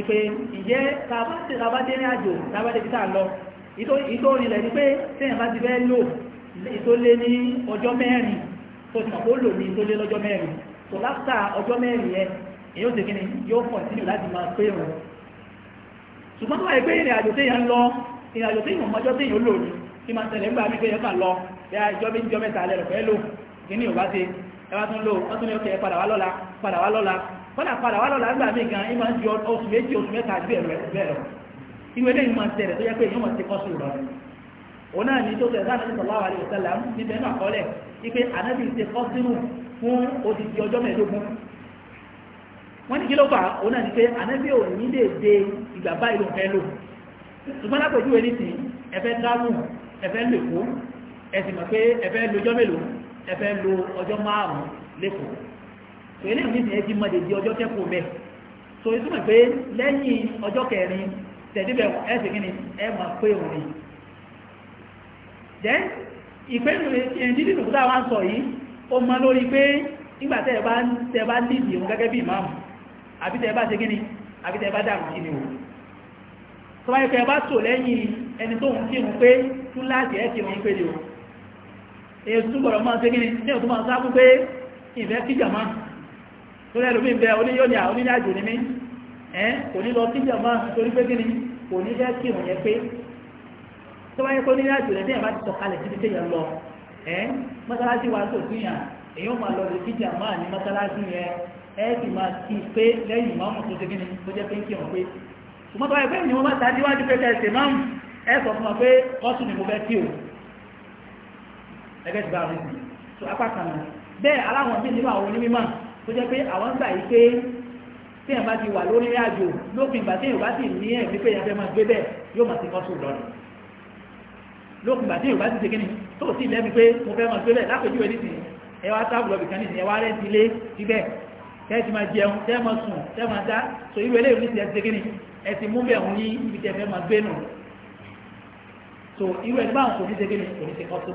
ìpè ìjẹ́ tàbádé ní àjò tàbádé bí sáà lọ ìtòrìnlẹ̀ ni pé tẹ́yìn bá ti fẹ́ lò ìtólé ní ọjọ́ mẹ́rin tó ti mọ̀ lò ní ìtólé lọ́jọ́ mẹ́rin tó láfta ọjọ́ mẹ́rin yẹn èyí ó ti kí ni yóò pọ̀ sínú láti máa pé wọn ṣùgbọ́n tó wáyé pé ìrìn àjò tẹ́yìn ń lọ ìrìn àjò tẹ́yìn ọmọjọ́ tẹ́yìn lò ní kí máa tẹ̀lé ńgbà wípé ẹ̀fà lọ ẹ̀yà ìjọ bí jọ mẹ́ta alẹ́ rẹ̀ fẹ́ lò kí ni ò bá ṣe ẹ̀fà tún lò wọ́n tún ní ó kẹ́ padà wá lọ́la padà wá lọ́la kọ́nà padà wà lọ́la nígbà míì gan ìmọ̀ ń di oṣù méjì oṣù mẹ́ta àti bẹ́ẹ̀ lọ ìwé lẹ́yìn máa ń tẹ̀lẹ̀ tó yẹ pé èèyàn máa ti kọ́ sí ìlọ òun náà ní tó tẹ̀ sáà nàbí sọ̀lá àwàlẹ̀ ìṣẹ̀lá níbẹ̀ náà kọ́lẹ̀ wípé ànábì ti kọ́ sínú fún odidi ọjọ́ mẹ́ẹ̀ẹ́dógún wọ́n ní kí ló fà òun de ìgbà báyìí ló ń fẹ́ lò ṣùgbọ́n lápèjúwe ní ti ẹ̀fẹ́ dáàbù ẹ̀fẹ́ lèkó ẹ̀sìn mọ̀ pé ẹ̀fẹ́ lojọ́ mélòó ẹ̀fẹ́ lo ọjọ́ márùn-ún pẹ̀lú ìwé ìsìn ẹjí mọ́dé di ọjọ́ kẹ́kọ̀ọ́ bẹ́ẹ̀ so ìtumọ̀ pé lẹ́yìn ọjọ́ kẹrin tẹ̀síbẹ̀ ẹ̀sìn kí ni ẹ máa pé òun ni then ìpé ìdídì nùkútà wá ń sọ yìí ó mọ lórí pé nígbà tẹ́ bá tẹ́ bá níbi òun gẹ́gẹ́ bí ìmáàmù àbí tẹ́ bá ṣe kí ni àbí tẹ́ bá dàrú kí ni o tó bá yẹ kẹ́ bá tò lẹ́yìn ẹni tó ń kírun pé tún láti ẹ̀ kírun pé ni o èyí tó gbọ́dọ̀ máa ṣe kí ni ní òtún máa sáfún pé ìfẹ́ kíjà máa lórí ẹlòmí ń bẹ oníyọ́nìyà oníyàjò ní mí ẹ́ kò ní lọ síjà máa torí pé kí ni kò ní fẹ́ kí òun yẹ pé tó bá yẹ kó oníyàjò rẹ̀ déyàn bá ti sọ̀kalẹ̀ síbi téèyàn lọ ẹ́ mọ́sálásí wa tó sí yàn èyàn máa lọ lè síjà máa ní mọ́sálásí yẹn ẹ́ sì máa ti pé lẹ́yìn máàmù tó ṣe kí ni tó jẹ́ pé ń kí òun pé ṣùgbọ́n tó bá yẹ pé ni wọ́n bá ta níwájú pé kẹsì máàmù ẹ ni mo bẹ́ẹ̀ aláwọn bí nínú àwọn onímọ̀ tó jẹ́ pé àwọn ń gbà yí pé tí èèyàn bá ti wà lórí àjò lópin ìgbà tí èèyàn bá sì ní ẹ̀mí pé èèyàn fẹ́ máa gbé bẹ́ẹ̀ yóò máa ti kọ́ sùn lọ́nà lópin ìgbà tí èèyàn bá ti ṣe kíni tó sì lẹ́mi pé mo fẹ́ máa gbé bẹ́ẹ̀ lápèjúwe nísìnyí ẹ wá tábùlọ̀ bìkan nísìnyí ẹ wá rẹ́ ti lé ti bẹ́ẹ̀ tẹ́ ti máa jẹun tẹ́ máa sùn tẹ́ máa dá so irú eléyìí ní ti ẹ ti ṣe kíni ẹ ti mú bẹ̀ òun ní ibi tẹ́ fẹ́ máa gbé nù so irú ẹ̀ báwọn kò ní ṣe kíni kò ní ṣe kọ́ sùn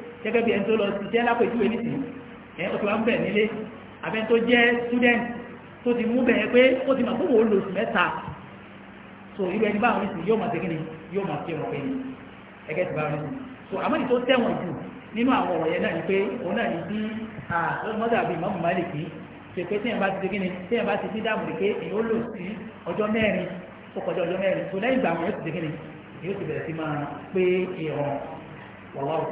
gẹ́gẹ́ bí ẹni tó lọ ṣiṣẹ́ lápèjúwe nìsín ẹ o ti wá ń bẹ̀ nílé abẹ́ tó jẹ́ student tó ti mú bẹ̀rẹ̀ pé ó ti mọ̀ fún mẹ́ta so irú ẹni báwọn nìsín yóò máa ṣe kíni yóò máa fi ọ̀rọ̀ pé ni ẹgẹ́ ti báwọn nìsín so àmọ́ ní tó tẹ̀wọ̀n jù nínú àwọn ọ̀rọ̀ yẹn náà ni pé òun náà ní bí mọ́tò àbí ìmọ̀mù máàlìkì ṣe pé téèyàn bá ti ṣe kíni téèyàn bá ti ní dáàbò pé èyí so lẹ́yìn ìgbà wọn yóò ti ṣe kíni yóò ti bẹ̀rẹ̀ sí